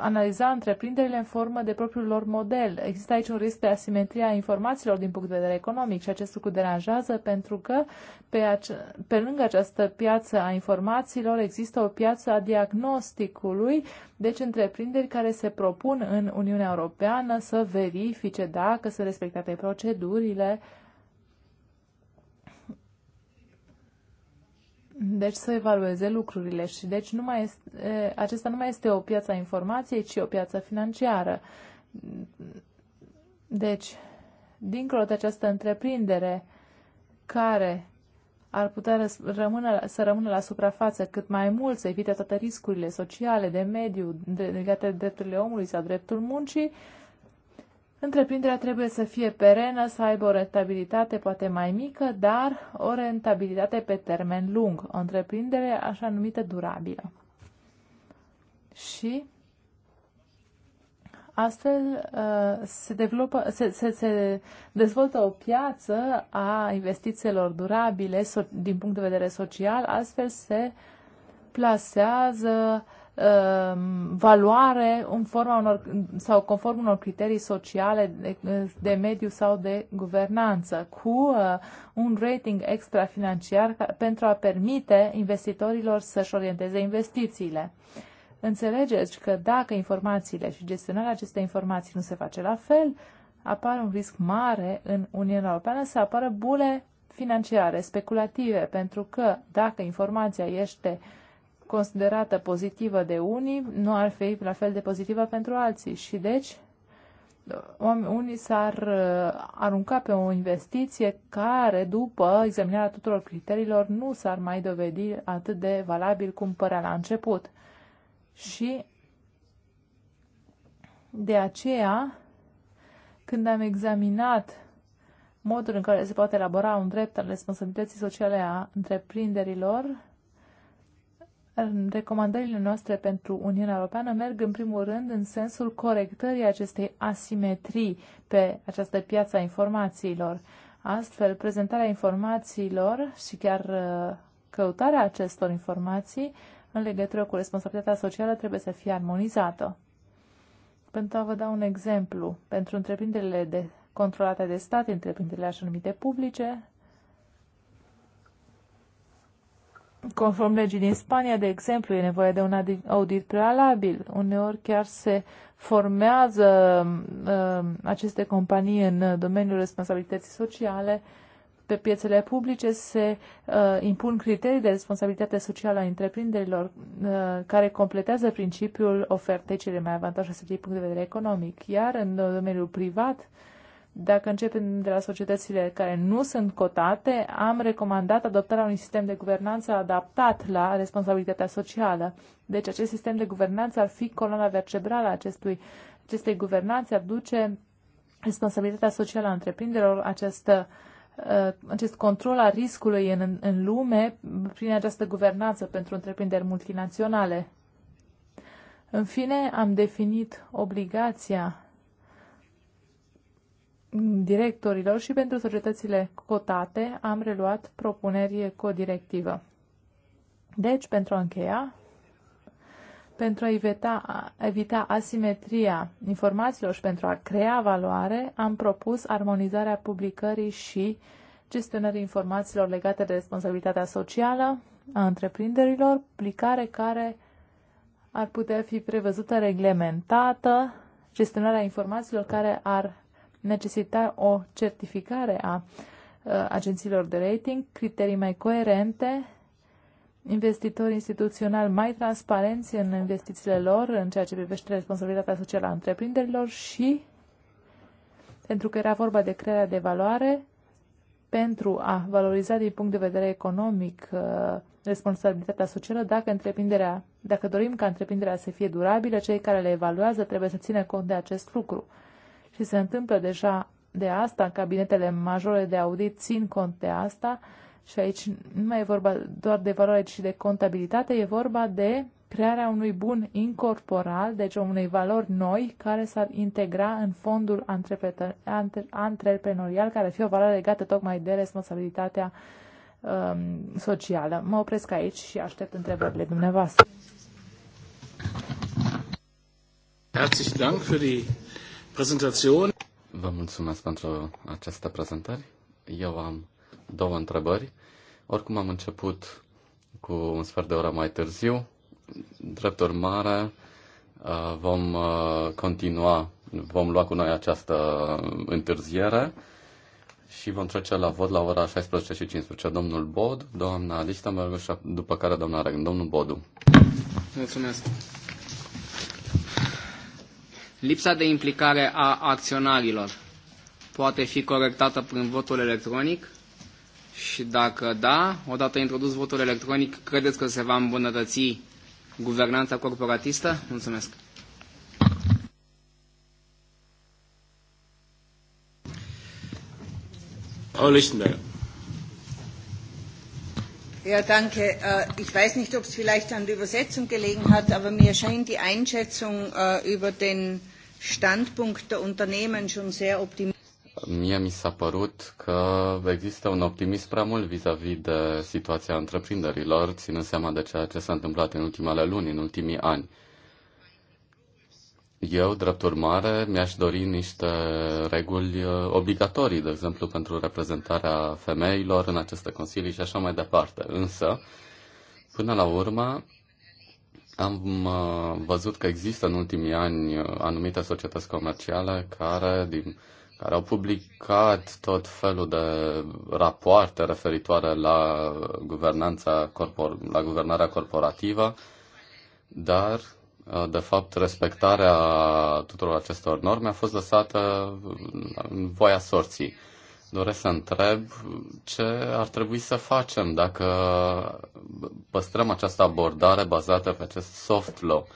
analiza întreprinderile în formă de propriul lor model. Există aici un risc de asimetria informațiilor din punct de vedere economic și acest lucru deranjează pentru că pe, ace- pe lângă această piață a informațiilor există o piață a diagnosticului, deci întreprinderi care se propun în Uniunea Europeană să verifice dacă sunt respectate procedurile uh, deci să evalueze lucrurile și deci nu mai este, acesta nu mai este o piață a informației, ci o piață financiară. Deci, dincolo de această întreprindere care ar putea rămână, să rămână la suprafață cât mai mult, să evite toate riscurile sociale, de mediu, de, legate de drepturile omului sau dreptul muncii, uh, Întreprinderea trebuie să fie perenă, să aibă o rentabilitate poate mai mică, dar o rentabilitate pe termen lung, o întreprindere așa numită durabilă. Și astfel uh, se, dezvoltă, se, se, se dezvoltă o piață a investițiilor durabile din punct de vedere social, astfel se plasează uh, Um, valoare în forma unor, sau conform unor criterii sociale de, de mediu sau de guvernanță, cu uh, un rating extrafinanciar pentru a permite investitorilor să-și orienteze investițiile. Înțelegeți că dacă informațiile și gestionarea acestei informații nu se face la fel, apare un risc mare în Uniunea Europeană să apară bule financiare, speculative, pentru că dacă informația este uh, considerată pozitivă de unii nu ar fi la fel de pozitivă pentru alții și deci unii s-ar uh, arunca pe o investiție care, după examinarea tuturor criteriilor, nu s-ar mai dovedi atât de valabil cum părea la început. Și de aceea, când am examinat modul în care se poate elabora un drept al responsabilității sociale a întreprinderilor, recomandările noastre pentru Uniunea Europeană merg în primul rând în sensul corectării acestei asimetrii pe această piață a informațiilor. Astfel, prezentarea informațiilor și chiar uh, căutarea acestor informații în legătură cu responsabilitatea socială trebuie să fie armonizată. Pentru a vă da un exemplu, pentru întreprinderile de controlate de stat, întreprinderile așa numite publice, Conform legii din Spania, de exemplu, e nevoie de un audit prealabil. Uneori chiar se formează uh, aceste companii în domeniul responsabilității sociale. Pe piețele publice se uh, impun criterii de responsabilitate socială a întreprinderilor uh, care completează principiul ofertei cele mai avantajoase din punct de vedere economic. Iar în domeniul privat, uh, dacă începem de la societățile care nu sunt cotate, am recomandat adoptarea unui sistem de guvernanță adaptat la responsabilitatea socială. Deci acest sistem de guvernanță ar fi coloana vertebrală a acestui, acestei guvernanțe, ar duce responsabilitatea socială a întreprinderilor, această uh, acest control al riscului în, în lume prin această guvernanță pentru întreprinderi multinaționale. În fine, am definit obligația directorilor și pentru societățile cotate am reluat propuneri directivă. Deci, pentru a încheia, pentru a evita, a evita asimetria informațiilor și pentru a crea valoare, am propus armonizarea publicării și gestionării informațiilor legate de responsabilitatea socială a întreprinderilor, publicare care ar putea fi prevăzută, reglementată, gestionarea informațiilor care ar necesita o certificare a agențiilor de rating, criterii mai coerente, investitori instituționali mai transparenți în investițiile lor, în ceea ce privește responsabilitatea socială a întreprinderilor și, pentru că era vorba de crearea de valoare, pentru a valoriza din punct de vedere economic uh, responsabilitatea socială, dacă întreprinderea, dacă dorim ca întreprinderea să fie durabilă, cei care le evaluează trebuie să țină cont de acest lucru și se întâmplă deja de asta, cabinetele majore de audit țin cont de asta și aici nu mai e vorba doar de valoare, ci de contabilitate, e vorba de crearea unui bun incorporal, deci unei valori noi care s-ar integra în fondul antreprenorial, care ar fi o valoare legată tocmai de responsabilitatea um, socială. Mă opresc aici și aștept întrebările dumneavoastră. Herzlichen Dank für die Präsentation. Vă mulțumesc pentru aceste prezentări. Eu am două întrebări. Oricum am început cu un sfert de oră mai târziu. Drept urmare, uh, vom uh, continua, vom lua cu noi această întârziere și vom trece la vot la ora 16.15. Domnul Bod, doamna Lichtenberg și după care doamna Regn. Domnul Bodu. Mulțumesc. Lipsa de implicare a acționarilor poate fi corectată prin votul electronic? Și dacă da, odată introdus votul electronic, credeți că se va îmbunătăți guvernanța corporatistă? Mulțumesc! Frau Lichtenberger. Ja, danke. Äh, ich weiß nicht, ob es vielleicht an der Übersetzung gelegen hat, aber mir scheint die Einschätzung äh, über den Standpunkt Unternehmen schon sehr Mie mi s-a părut că există un optimism prea mult vis-a-vis -vis de situația întreprinderilor, ținând seama de ceea ce s-a întâmplat în ultimele luni, în ultimii ani. Eu, drept urmare, mi-aș dori niște reguli uh, obligatorii, de exemplu, pentru reprezentarea femeilor în aceste consilii și așa mai departe. Însă, până la urmă, am uh, văzut că există în ultimii ani uh, anumite societăți comerciale care, din, care au publicat tot felul de rapoarte referitoare la, guvernanța corpor, la guvernarea corporativă, dar, uh, de fapt, respectarea tuturor acestor norme a fost lăsată în voia sorții doresc să întreb ce ar trebui să facem dacă păstrăm această abordare bazată pe acest soft law,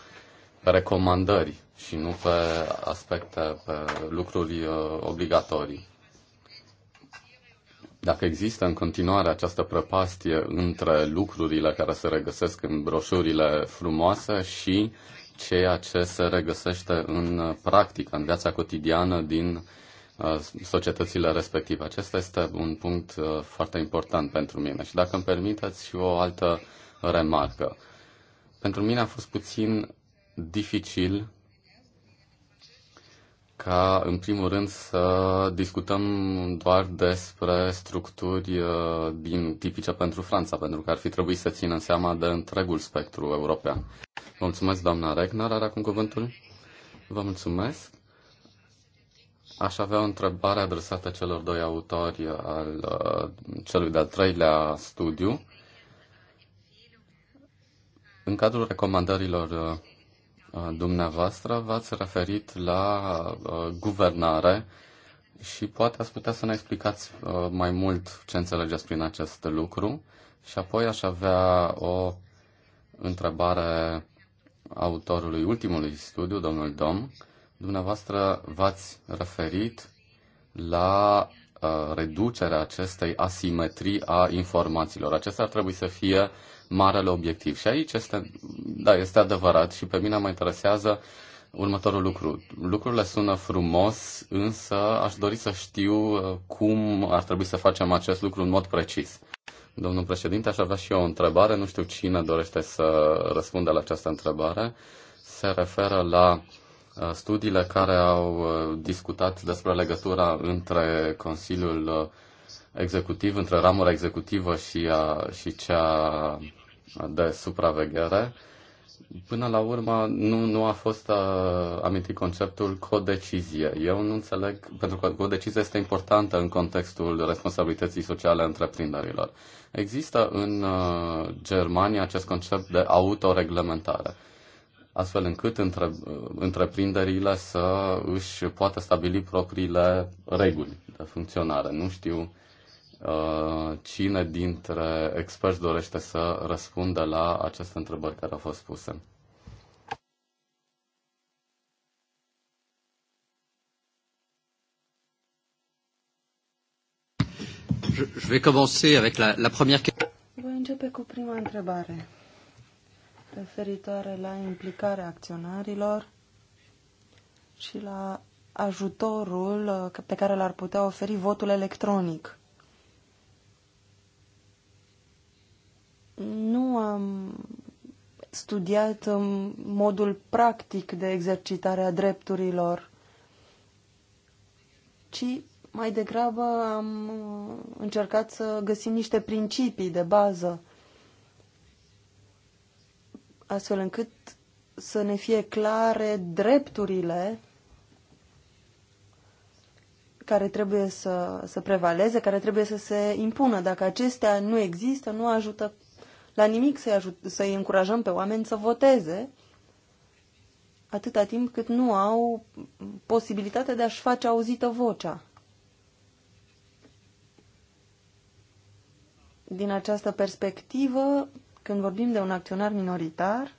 pe recomandări și nu pe aspecte, pe lucruri uh, obligatorii. Dacă există în continuare această prăpastie între lucrurile care se regăsesc în broșurile frumoase și ceea ce se regăsește în practică, în viața cotidiană din societățile respective. Acesta este un punct foarte important pentru mine. Și dacă îmi permiteți și o altă remarcă. Pentru mine a fost puțin dificil ca, în primul rând, să discutăm doar despre structuri din tipice pentru Franța, pentru că ar fi trebuit să țină seama de întregul spectru european. Vă mulțumesc, doamna Regner. Are acum cuvântul? Vă mulțumesc. Aș avea o întrebare adresată celor doi autori al uh, celui de-al treilea studiu. În cadrul recomandărilor uh, uh, dumneavoastră v-ați referit la guvernare și poate ați putea să ne explicați mai mult ce înțelegeți prin acest lucru și apoi aș avea o întrebare autorului ultimului studiu, domnul Dom, Dumneavoastră v-ați referit la uh, reducerea acestei asimetrii a informațiilor. Acesta ar trebui să fie marele obiectiv. Și aici este, da, este adevărat și pe mine mă interesează următorul lucru. Lucrurile sună frumos, însă aș dori să știu uh, cum ar trebui să facem acest lucru în mod precis. Domnul președinte, aș avea și eu o întrebare, nu știu cine dorește să răspundă la această întrebare. Se referă la uh, Uh, studiile care au uh, discutat despre legătura între Consiliul uh, Executiv, între ramura executivă și, a, și cea de supraveghere. Până la urmă, nu, nu a fost a, amintit conceptul codecizie. Eu nu înțeleg, pentru că codecizia este importantă în contextul responsabilității sociale a întreprinderilor. Există în a, Germania acest concept de autoreglementare astfel încât între, întreprinderile să își poată stabili propriile reguli de funcționare. Nu știu uh, cine dintre experți dorește să răspundă la aceste întrebări care au fost puse. Je, je vais commencer avec la, la première question. Voi începe cu prima întrebare referitoare la implicarea acționarilor și la ajutorul uh, pe care l-ar putea oferi votul electronic. Nu am studiat um, modul practic de exercitare a drepturilor, ci mai degrabă am uh, încercat să găsim niște principii de bază astfel încât să ne fie clare drepturile care trebuie să, să prevaleze, care trebuie să se impună. Dacă acestea nu există, nu ajută la nimic să-i, ajut, să-i încurajăm pe oameni să voteze atâta timp cât nu au posibilitatea de a-și face auzită vocea. Din această perspectivă, când vorbim de un acționar minoritar,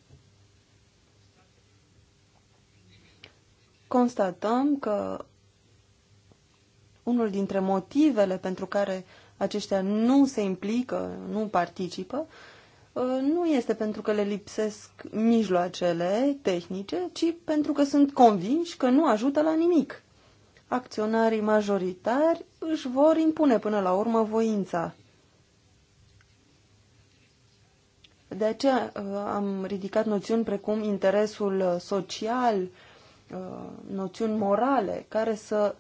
constatăm că unul dintre motivele pentru care aceștia nu se implică, nu participă, ă, nu este pentru că le lipsesc mijloacele tehnice, ci pentru că sunt convinși că nu ajută la nimic. Acționarii majoritari își vor impune până la urmă voința. De aceea uh, am ridicat noțiuni precum interesul uh, social, uh, noțiuni morale, care să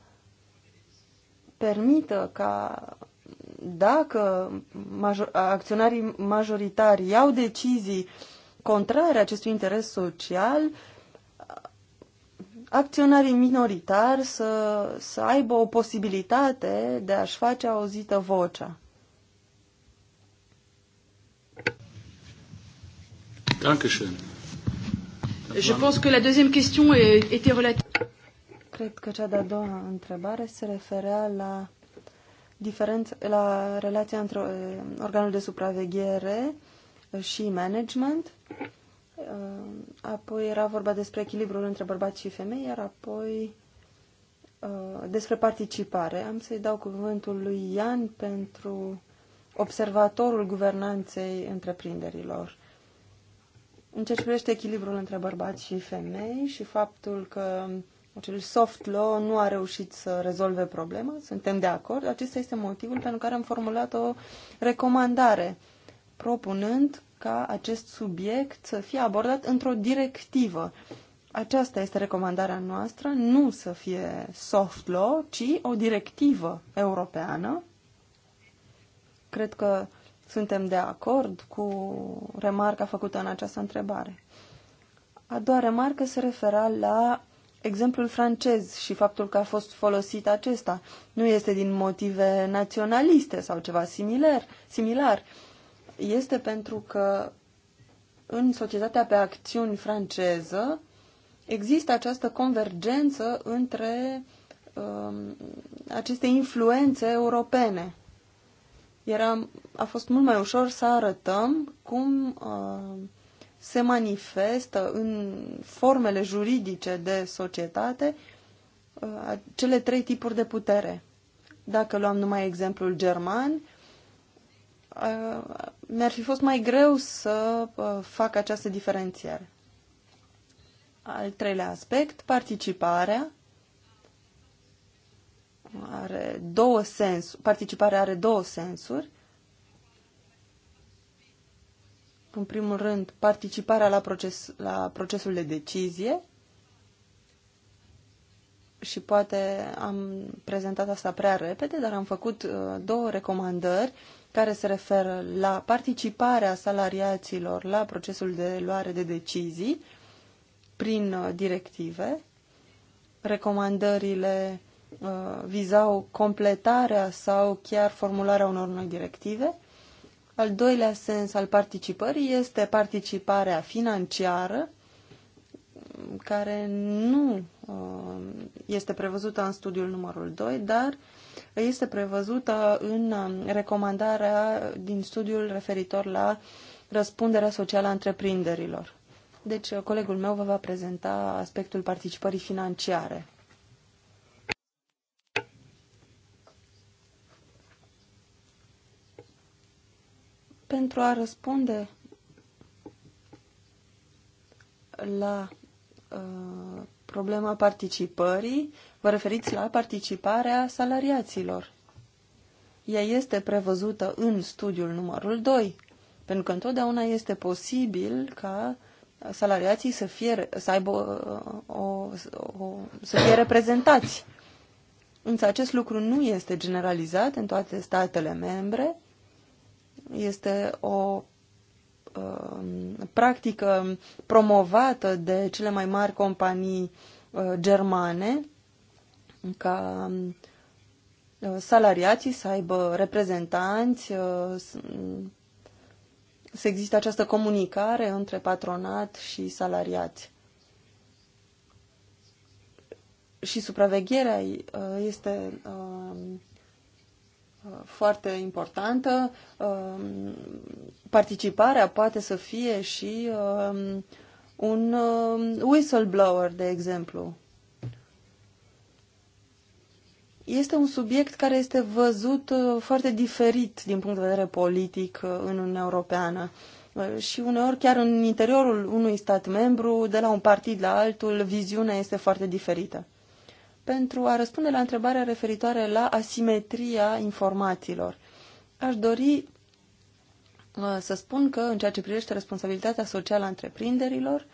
permită ca dacă major, acționarii majoritari iau decizii contrare acestui interes social, acționarii minoritari să, să aibă o posibilitate de a-și face auzită vocea. Dankeschön. Je pense que la deuxième question était relative. Cred că cea de-a doua întrebare se referea la diferenț la relația între eh, organul de supraveghere eh, și management. Eh, apoi era vorba despre echilibrul între bărbați și femei, iar apoi despre participare. Am să-i dau cuvântul lui Ian pentru observatorul guvernanței întreprinderilor. În ceea ce privește echilibrul între bărbați și femei și faptul că acel soft law nu a reușit să rezolve problema, suntem de acord, acesta este motivul pentru care am formulat o recomandare propunând ca acest subiect să fie abordat într-o directivă. Aceasta este recomandarea noastră, nu să fie soft law, ci o directivă europeană. Cred că suntem de acord cu remarca făcută în această întrebare. A doua remarcă se refera la exemplul francez și faptul că a fost folosit acesta. Nu este din motive naționaliste sau ceva similar, similar. Este pentru că în societatea pe acțiuni franceză există această convergență între um, aceste influențe europene era, a fost mult mai ușor să arătăm cum uh, se manifestă în formele juridice de societate uh, cele trei tipuri de putere. Dacă luam numai exemplul german, uh, mi-ar fi fost mai greu să uh, fac această diferențiere. Al treilea aspect, participarea are două sensuri. participarea are două sensuri. În primul rând, participarea la, proces, la procesul de decizie și poate am prezentat asta prea repede, dar am făcut uh, două recomandări care se referă la participarea salariaților la procesul de luare de decizii prin uh, directive recomandările Uh, vizau completarea sau chiar formularea unor noi directive. Al doilea sens al participării este participarea financiară, care nu uh, este prevăzută în studiul numărul 2, dar este prevăzută în um, recomandarea din studiul referitor la răspunderea socială a întreprinderilor. Deci, uh, colegul meu vă va prezenta aspectul participării financiare. pentru a răspunde la uh, problema participării, vă referiți la participarea salariaților. Ea este prevăzută în studiul numărul 2, pentru că întotdeauna este posibil ca salariații să fie, să aibă o, uh, o, o, să fie reprezentați. Însă acest lucru nu este generalizat în toate statele membre este o um, practică promovată de cele mai mari companii uh, germane ca um, uh, salariații să aibă reprezentanți, uh, să există această comunicare între patronat și salariați. Și supravegherea este um, foarte importantă. Um, participarea poate să fie și um, un um, whistleblower, de exemplu. Este un subiect care este văzut uh, foarte diferit din punct de vedere politic uh, în Uniunea Europeană uh, și uneori chiar în interiorul unui stat membru, de la un partid la altul, viziunea este foarte diferită pentru a răspunde la întrebarea referitoare la asimetria informațiilor. Aș dori uh, să spun că, în ceea ce privește responsabilitatea socială a întreprinderilor,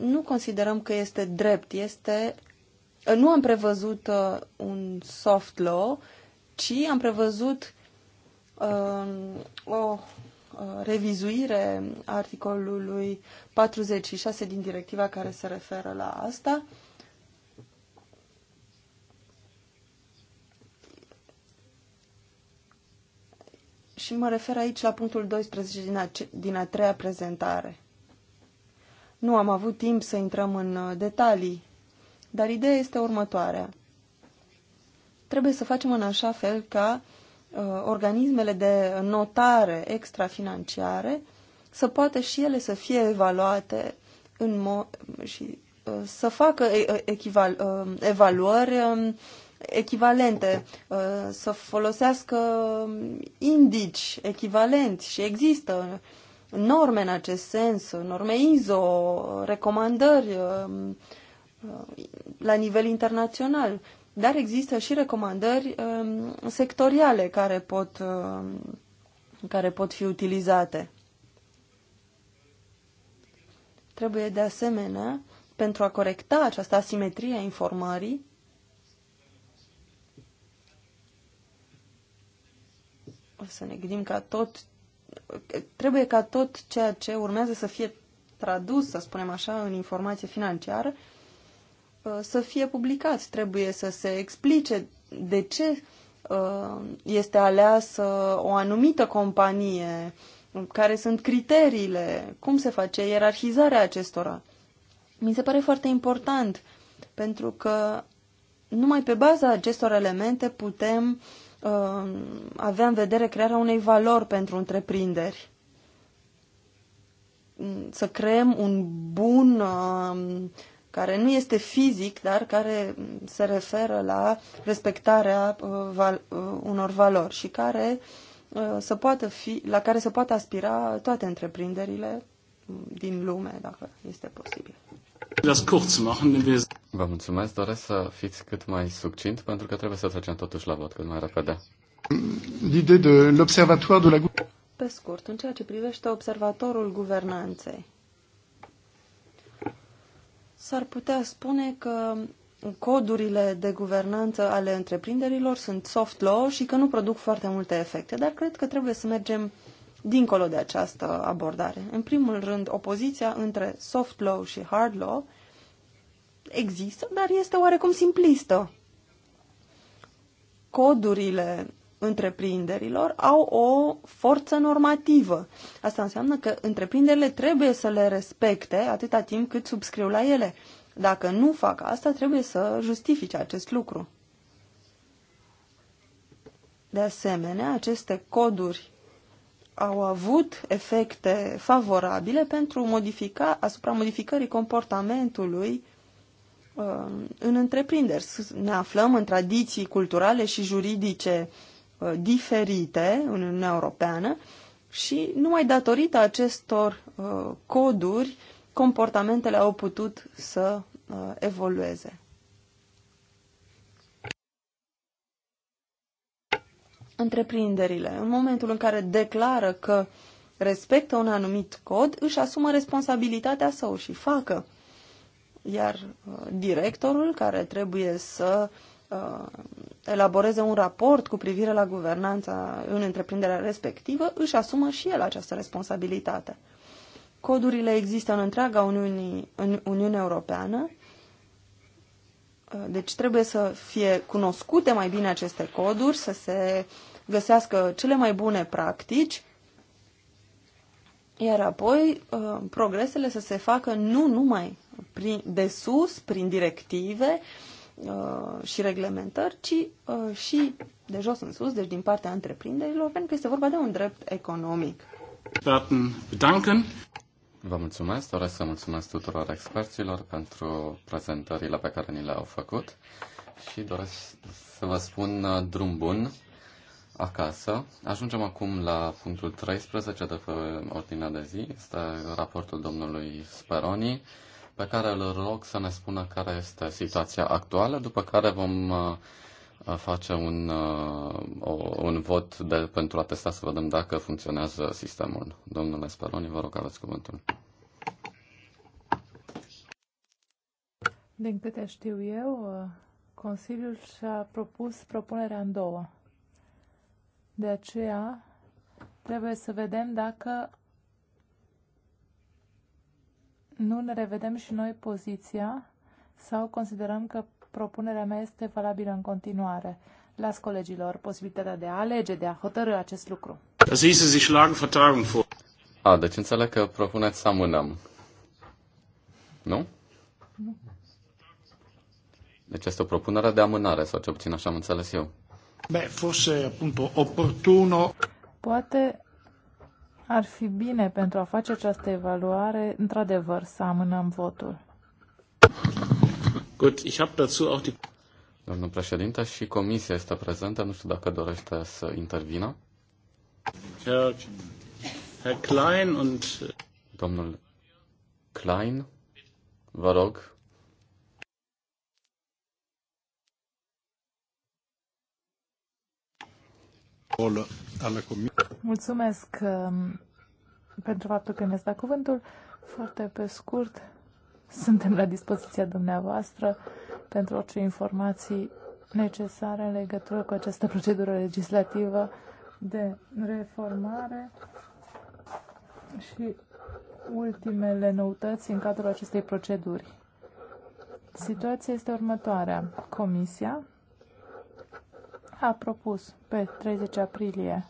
nu considerăm că este drept, este... Uh, nu am prevăzut uh, un soft law, ci am prevăzut o revizuire a articolului 46 din directiva care se referă la asta, Și mă refer aici la punctul 12 din a, din a treia prezentare. Nu am avut timp să intrăm în uh, detalii, dar ideea este următoarea. Trebuie să facem în așa fel ca uh, organismele de notare extrafinanciare să poată și ele să fie evaluate în mo- și uh, să facă echival- uh, evaluări uh, echivalente, uh, să folosească indici echivalenți și există norme în acest sens, norme ISO, recomandări uh, uh, la nivel internațional, dar există și recomandări um, sectoriale care pot, um, care pot fi utilizate. Trebuie de asemenea, pentru a corecta această asimetrie a informării, să ne gândim ca tot, trebuie ca tot ceea ce urmează să fie tradus, să spunem așa, în informație financiară, uh, să fie publicat. Trebuie să se explice de ce uh, este aleasă o anumită companie, care sunt criteriile, cum se face ierarhizarea acestora. Mi se pare foarte important, pentru că numai pe baza acestor elemente putem uh, uh, avea în vedere crearea unei valori pentru întreprinderi. Mm, să creăm un bun uh, care nu este fizic, dar care se referă la respectarea uh, val, uh, unor valori și care uh, să poată fi, la care se poate aspira toate întreprinderile mm, din lume, dacă este posibil. Das kurz machen, denn wir Vă mulțumesc, doresc să fiți cât mai succint, pentru că trebuie să trecem totuși la vot cât mai repede. L'idee de l'observatoire de la Pe scurt, în ceea ce privește observatorul guvernanței, s-ar putea spune că codurile de guvernanță ale întreprinderilor sunt soft law și că nu produc foarte multe efecte, dar cred că trebuie să mergem dincolo de această abordare. În primul rând, opoziția între soft law și hard law există, dar este oarecum simplistă. Codurile întreprinderilor au o forță normativă. Asta înseamnă că întreprinderile trebuie să le respecte atâta timp cât subscriu la ele. Dacă nu fac asta, trebuie să justifice acest lucru. De asemenea, aceste coduri au avut efecte favorabile pentru modifica, asupra modificării comportamentului Uh, în întreprinderi. Ne aflăm în tradiții culturale și juridice uh, diferite în Uniunea Europeană și numai datorită acestor uh, coduri comportamentele au putut să evolueze. Întreprinderile, în momentul în care declară că respectă un anumit cod, își asumă responsabilitatea sau și facă. Iar uh, directorul, care trebuie să uh, elaboreze un raport cu privire la guvernanța în întreprinderea respectivă, își asumă și el această responsabilitate. Codurile există în întreaga Uniunii, în Uniunea Europeană, uh, deci trebuie să fie cunoscute mai bine aceste coduri, să se găsească cele mai bune practici, iar apoi progresele să se facă nu numai prin, de sus, prin directive uh, și reglementări, ci uh, și de jos în sus, deci din partea întreprinderilor, pentru că este vorba de un drept economic. Vă mulțumesc, doresc să mulțumesc tuturor experților pentru prezentările pe care ni le-au făcut și doresc să vă spun uh, drum bun acasă. Ajungem acum la punctul 13 de pe ordinea de zi. Este raportul domnului Speroni pe care îl rog să ne spună care este situația actuală, după care vom uh, face un, uh, un vot de, pentru a testa să vedem dacă funcționează sistemul. Domnule Speroni, vă rog, aveți cuvântul. Din câte știu eu, uh, Consiliul și-a propus propunerea în două. De aceea trebuie să vedem dacă nu ne revedem și noi poziția sau considerăm că propunerea mea este valabilă în continuare. Las colegilor posibilitatea de a alege, de a hotărâ acest lucru. A, deci înțeleg că propuneți să amânăm. Nu? Nu. Deci este o propunere de amânare, sau ce puțin așa am înțeles eu. Beh, forse appunto opportuno. Poate ar fi bine pentru a face această evaluare, într-adevăr, să amânăm votul. Gut, ich habe dazu auch die... Domnul președinte, și comisia este prezentă. Nu știu dacă dorește să intervină. Herr, Herr Klein und... Domnul Klein, vă rog, Mulțumesc um, pentru faptul că mi-ați dat cuvântul. Foarte pe scurt, suntem la dispoziția dumneavoastră pentru orice informații necesare în legătură cu această procedură legislativă de reformare și ultimele noutăți în cadrul acestei proceduri. Situația este următoarea. Comisia a propus pe 30 aprilie,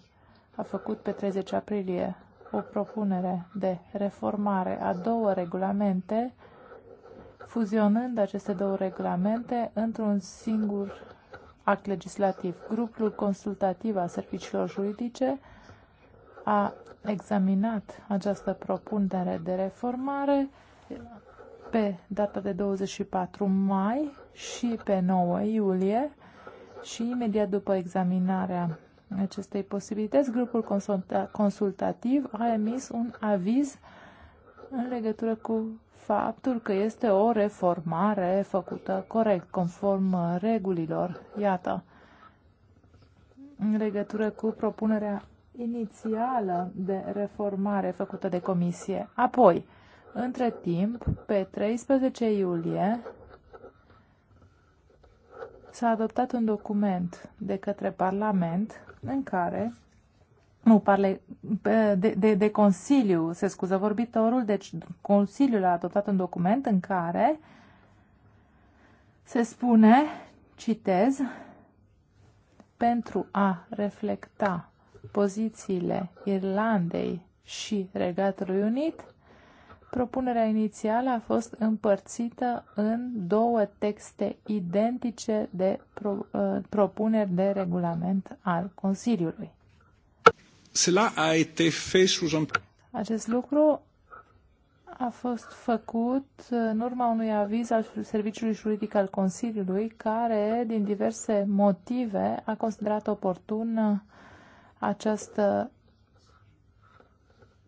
a făcut pe 30 aprilie o propunere de reformare a două regulamente, fuzionând aceste două regulamente într-un singur act legislativ. Grupul consultativ a serviciilor juridice a examinat această propunere de reformare pe data de 24 mai și pe 9 iulie și imediat după examinarea acestei posibilități, grupul consulta consultativ a emis un aviz în legătură cu faptul că este o reformare făcută corect, conform regulilor. Iată, în legătură cu propunerea inițială de reformare făcută de comisie. Apoi, între timp, pe 13 iulie, s-a adoptat un document de către Parlament în care nu, parle, de, de, de Consiliu, se scuză vorbitorul, deci Consiliul a adoptat un document în care se spune, citez, pentru a reflecta pozițiile Irlandei și Regatului Unit, Propunerea inițială a fost împărțită în două texte identice de pro, uh, propuneri de regulament al Consiliului. Cela a été fait sous un... Acest lucru a fost făcut în urma unui aviz al Serviciului Juridic al Consiliului, care, din diverse motive, a considerat oportun această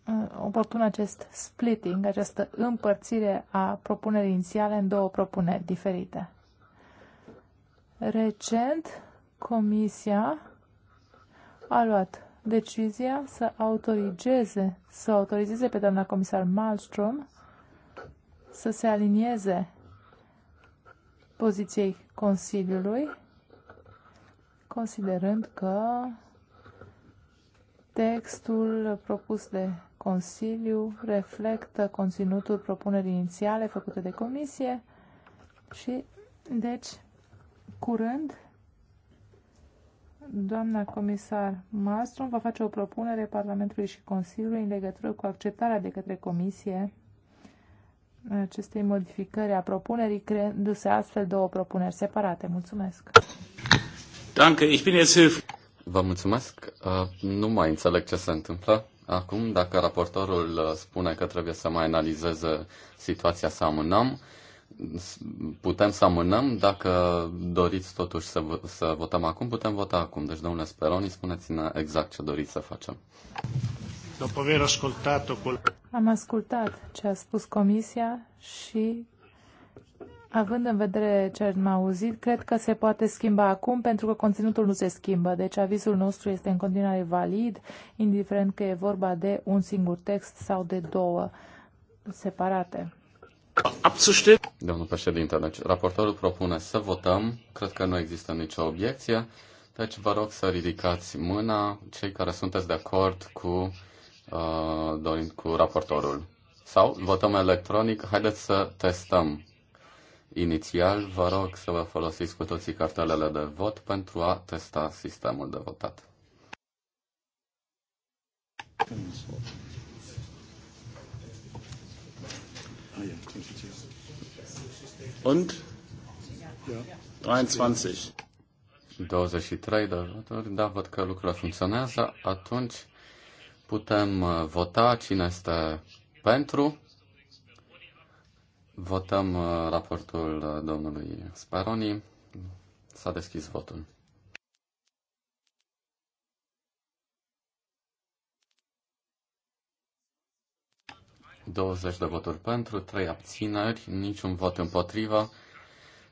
Uh, oportun acest splitting, această împărțire a propunerii inițiale în două propuneri diferite. Recent, Comisia a luat decizia să autorizeze, să autorizeze pe doamna comisar Malmström să se alinieze poziției Consiliului, considerând că Textul propus de Consiliu reflectă conținutul propunerii inițiale făcute de Comisie și, deci, curând, doamna comisar Malmström va face o propunere Parlamentului și Consiliului în legătură cu acceptarea de către Comisie acestei modificări a propunerii, creându-se astfel două propuneri separate. Mulțumesc! Danke, ich bin jetzt hilf Vă mulțumesc. Uh, nu mai înțeleg ce se întâmplă. Acum, dacă raportorul uh, spune că trebuie să mai analizeze situația, să amânăm, putem să amânăm. Dacă doriți totuși să, să votăm acum, putem vota acum. Deci, domnule Speroni, spuneți-ne exact ce doriți să facem. Am ascultat ce a spus comisia și Având în vedere ce am auzit, cred că se poate schimba acum pentru că conținutul nu se schimbă. Deci avizul nostru este în continuare valid, indiferent că e vorba de un singur text sau de două separate. Domnul președinte, deci raportorul propune să votăm. Cred că nu există nicio obiecție. Deci vă rog să ridicați mâna cei care sunteți de acord cu, uh, cu raportorul. Sau votăm electronic. Haideți să testăm inițial. Vă rog să vă folosiți cu toții cartelele de vot pentru a testa sistemul de votat. Und? 23. 23 de voturi. Da, văd că lucrurile funcționează. Atunci putem uh, vota cine este pentru. Votăm uh, raportul uh, domnului Speroni. S-a deschis votul. ...20 de voturi pentru, trei abțineri, niciun vot împotriva.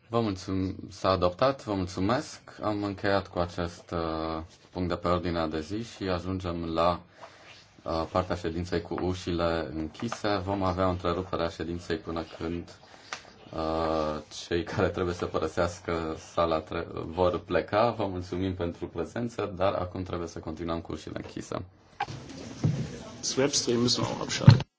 Vă mulțum- s-a adoptat, vă mulțumesc. Am încheiat cu acest uh, punct de pe ordinea de zi și ajungem la Uh, partea ședinței cu ușile închise. Vom avea o întrerupere a ședinței până când uh, cei care trebuie să părăsească sala tre- vor pleca. Vă mulțumim pentru prezență, dar acum trebuie să continuăm cu ușile închise. Das Webstream müssen wir auch abschalten.